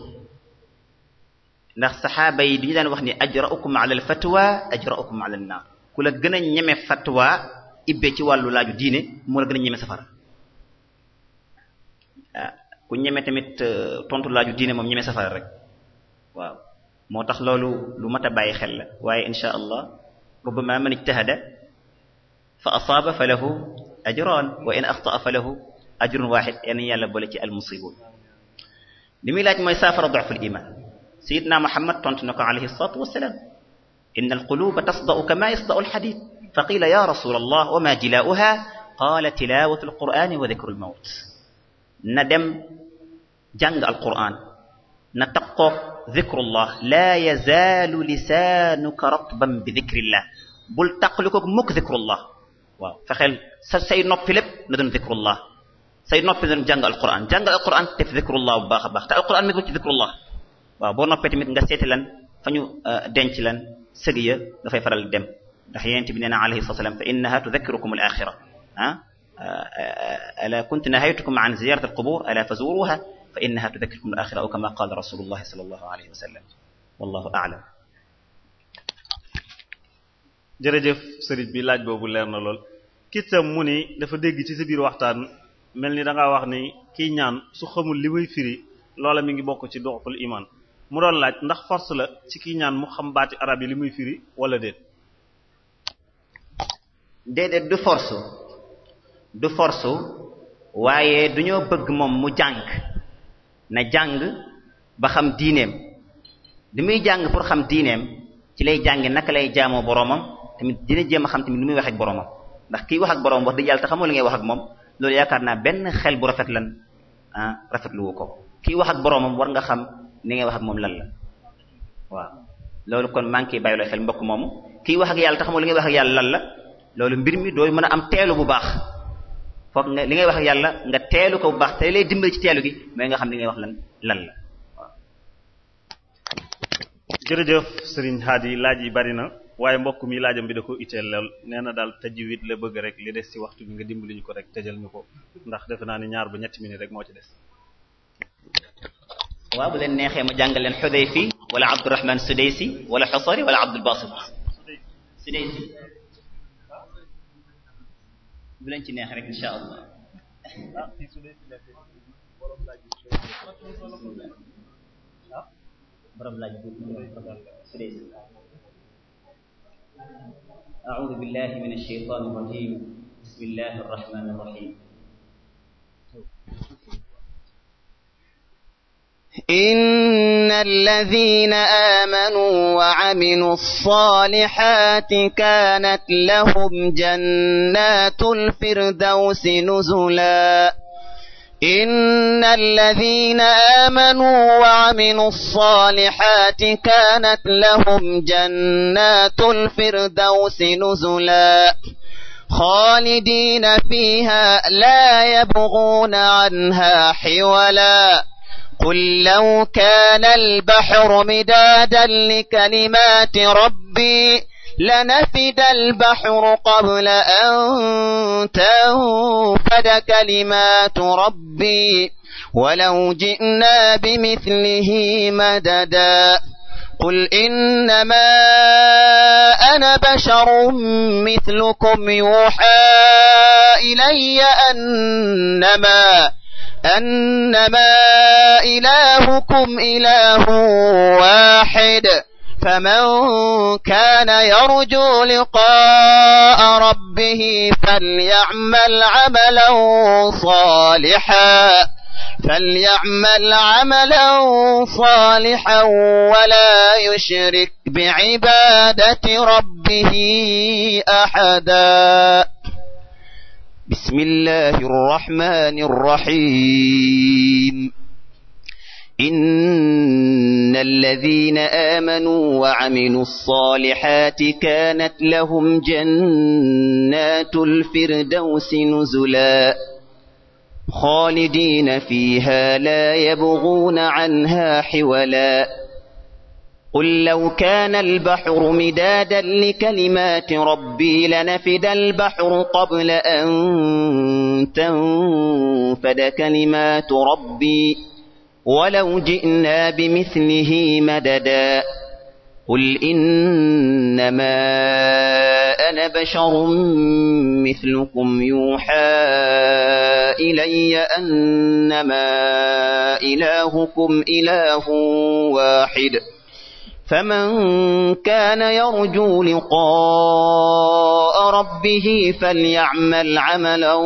ndax saxaaba yi du ñu daan wax ni ajra'ukum ala alfatwa ajra'ukum ala annar ku la gën a ñeme fatwa ibbe ci wàllu laaju diine moo la gën a ñeme safara ah, ku ñeme tamit euh, tontu laaju diine moom ñeme safara rek waaw moo tax loolu lu mat a bàyyi xel la waaye insha allah rubbama man ijtahada fa asaaba fa lahu ajran wa in axtaa fa lahu ajrun waxid yenen yàlla boole ci almusibun li muy laaj mooy saafara doful iman sayidna muhammad tontu na ko alayhi salatu wasalaam inna alquluba tasda'u kama yasda'u alxadid fa qila ya rasul allah wa ma jilaa'uha qaala tilawatu alqur'ani wa dikru almawt na dem jàng alqur'an na taqoog dikrullah la yazaalu lisaanuka ratban bi dikrillah bul taqli koog mukk dikrullah waaw fexeel sa say noppi lépp na doon dikrullah say noppi leen jàng alquran jàng alquran def zikrullah bu baax a baax te alquran mi ngi ci zikrullah waaw boo noppee tamit nga seeti lan fa ñu euh, denc lan sëg ya dafay faral dem ndax yonent bi nee na alayhi salaatu wa salaam fa innaha tudhakkirukum al-aaxira ah euh, ala kuntu nahaytukum an ziyaarati al-qubuur ala fazuuruha fa innaha tudhakkirukum al-aaxira aw kama qaala rasulullahi sallallahu alayhi wa sallam wallahu a'lam jërëjëf sëriñ bi laaj boobu leer na lool kitam mu ni dafa dégg ci sa biir waxtaan mel ni danga wax ni kiy ñaan su xamul li muy firi loola mi ngi bokk ci doxul imaan mu doon laaj ndax force la ci kiy ñaan mu xam baati arab yi li muy firi walla déet. déedéet du force du force waaye duñoo bëgg moom mu jàng na jàng ba xam diineem li muy jàng pour xam diineem ci lay jàng naka lay jaamoo boromam tamit dina jéem a xam tamit li muy wax ak boromam ndax kiy wax ak boromam wax dëgg yàlla te xamoo li ngay wax ak moom. loolu yaakaar naa benn xel bu rafet lan ah rafetluwu ko kii wax ak boroomam war nga xam ni ngay wax ak moom lan la waaw loolu kon maa ngi koy bàyyiloo xel mbokk moomu kii wax ak yàlla tax xamoo li ngay wax ak yàlla lan la loolu mbir mi dooy mën a am teelu bu baax foog nga li ngay wax yàlla nga teelu ko bu baax te lay dimbali ci teelu gi mooy nga xam li ngay wax lan lan la waaw jërëjëf Serigne Hadi laaj yi bari na waaye mbokk mi laajam bi da ko itteel lool nee na daal tajwid la bëgg rek li des ci waxtu bi nga dimbali ñu ko rek tëjal ñu ko ndax defe naa ne ñaar ba ñetti minutes rek moo ci des. waaw bu leen neexee ma jàngal leen Xudayfi wala Abdurrahman Sudaysi wala Xusari wala Abdul Basit Sudaysi bu leen ci neex rek أعوذ بالله من الشيطان الرجيم بسم الله الرحمن الرحيم إن الذين آمنوا وعملوا الصالحات كانت لهم جنات الفردوس نزلاً إن الذين آمنوا وعملوا الصالحات كانت لهم جنات الفردوس نزلا خالدين فيها لا يبغون عنها حولا قل لو كان البحر مدادا لكلمات ربي لنفد البحر قبل أن تنفد كلمات ربي ولو جئنا بمثله مددا قل إنما أنا بشر مثلكم يوحى إلي أنما أنما إلهكم إله واحد فمن كان يرجو لقاء ربه فليعمل عملا صالحا فليعمل عملا صالحا ولا يشرك بعبادة ربه أحدا بسم الله الرحمن الرحيم إن الذين آمنوا وعملوا الصالحات كانت لهم جنات الفردوس نزلا خالدين فيها لا يبغون عنها حولا قل لو كان البحر مدادا لكلمات ربي لنفد البحر قبل أن تنفد كلمات ربي ولو جئنا بمثله مددا قل إنما أنا بشر مثلكم يوحى إلي أنما إلهكم إله واحد فمن كان يرجو لقاء ربه فليعمل عملا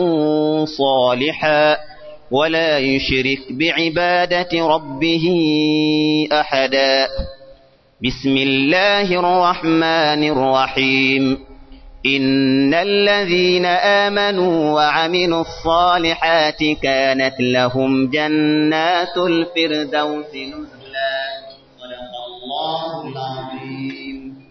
صالحا ولا يشرك بعبادة ربه أحدا بسم الله الرحمن الرحيم إن الذين آمنوا وعملوا الصالحات كانت لهم جنات الفردوس نزلا صدق الله العظيم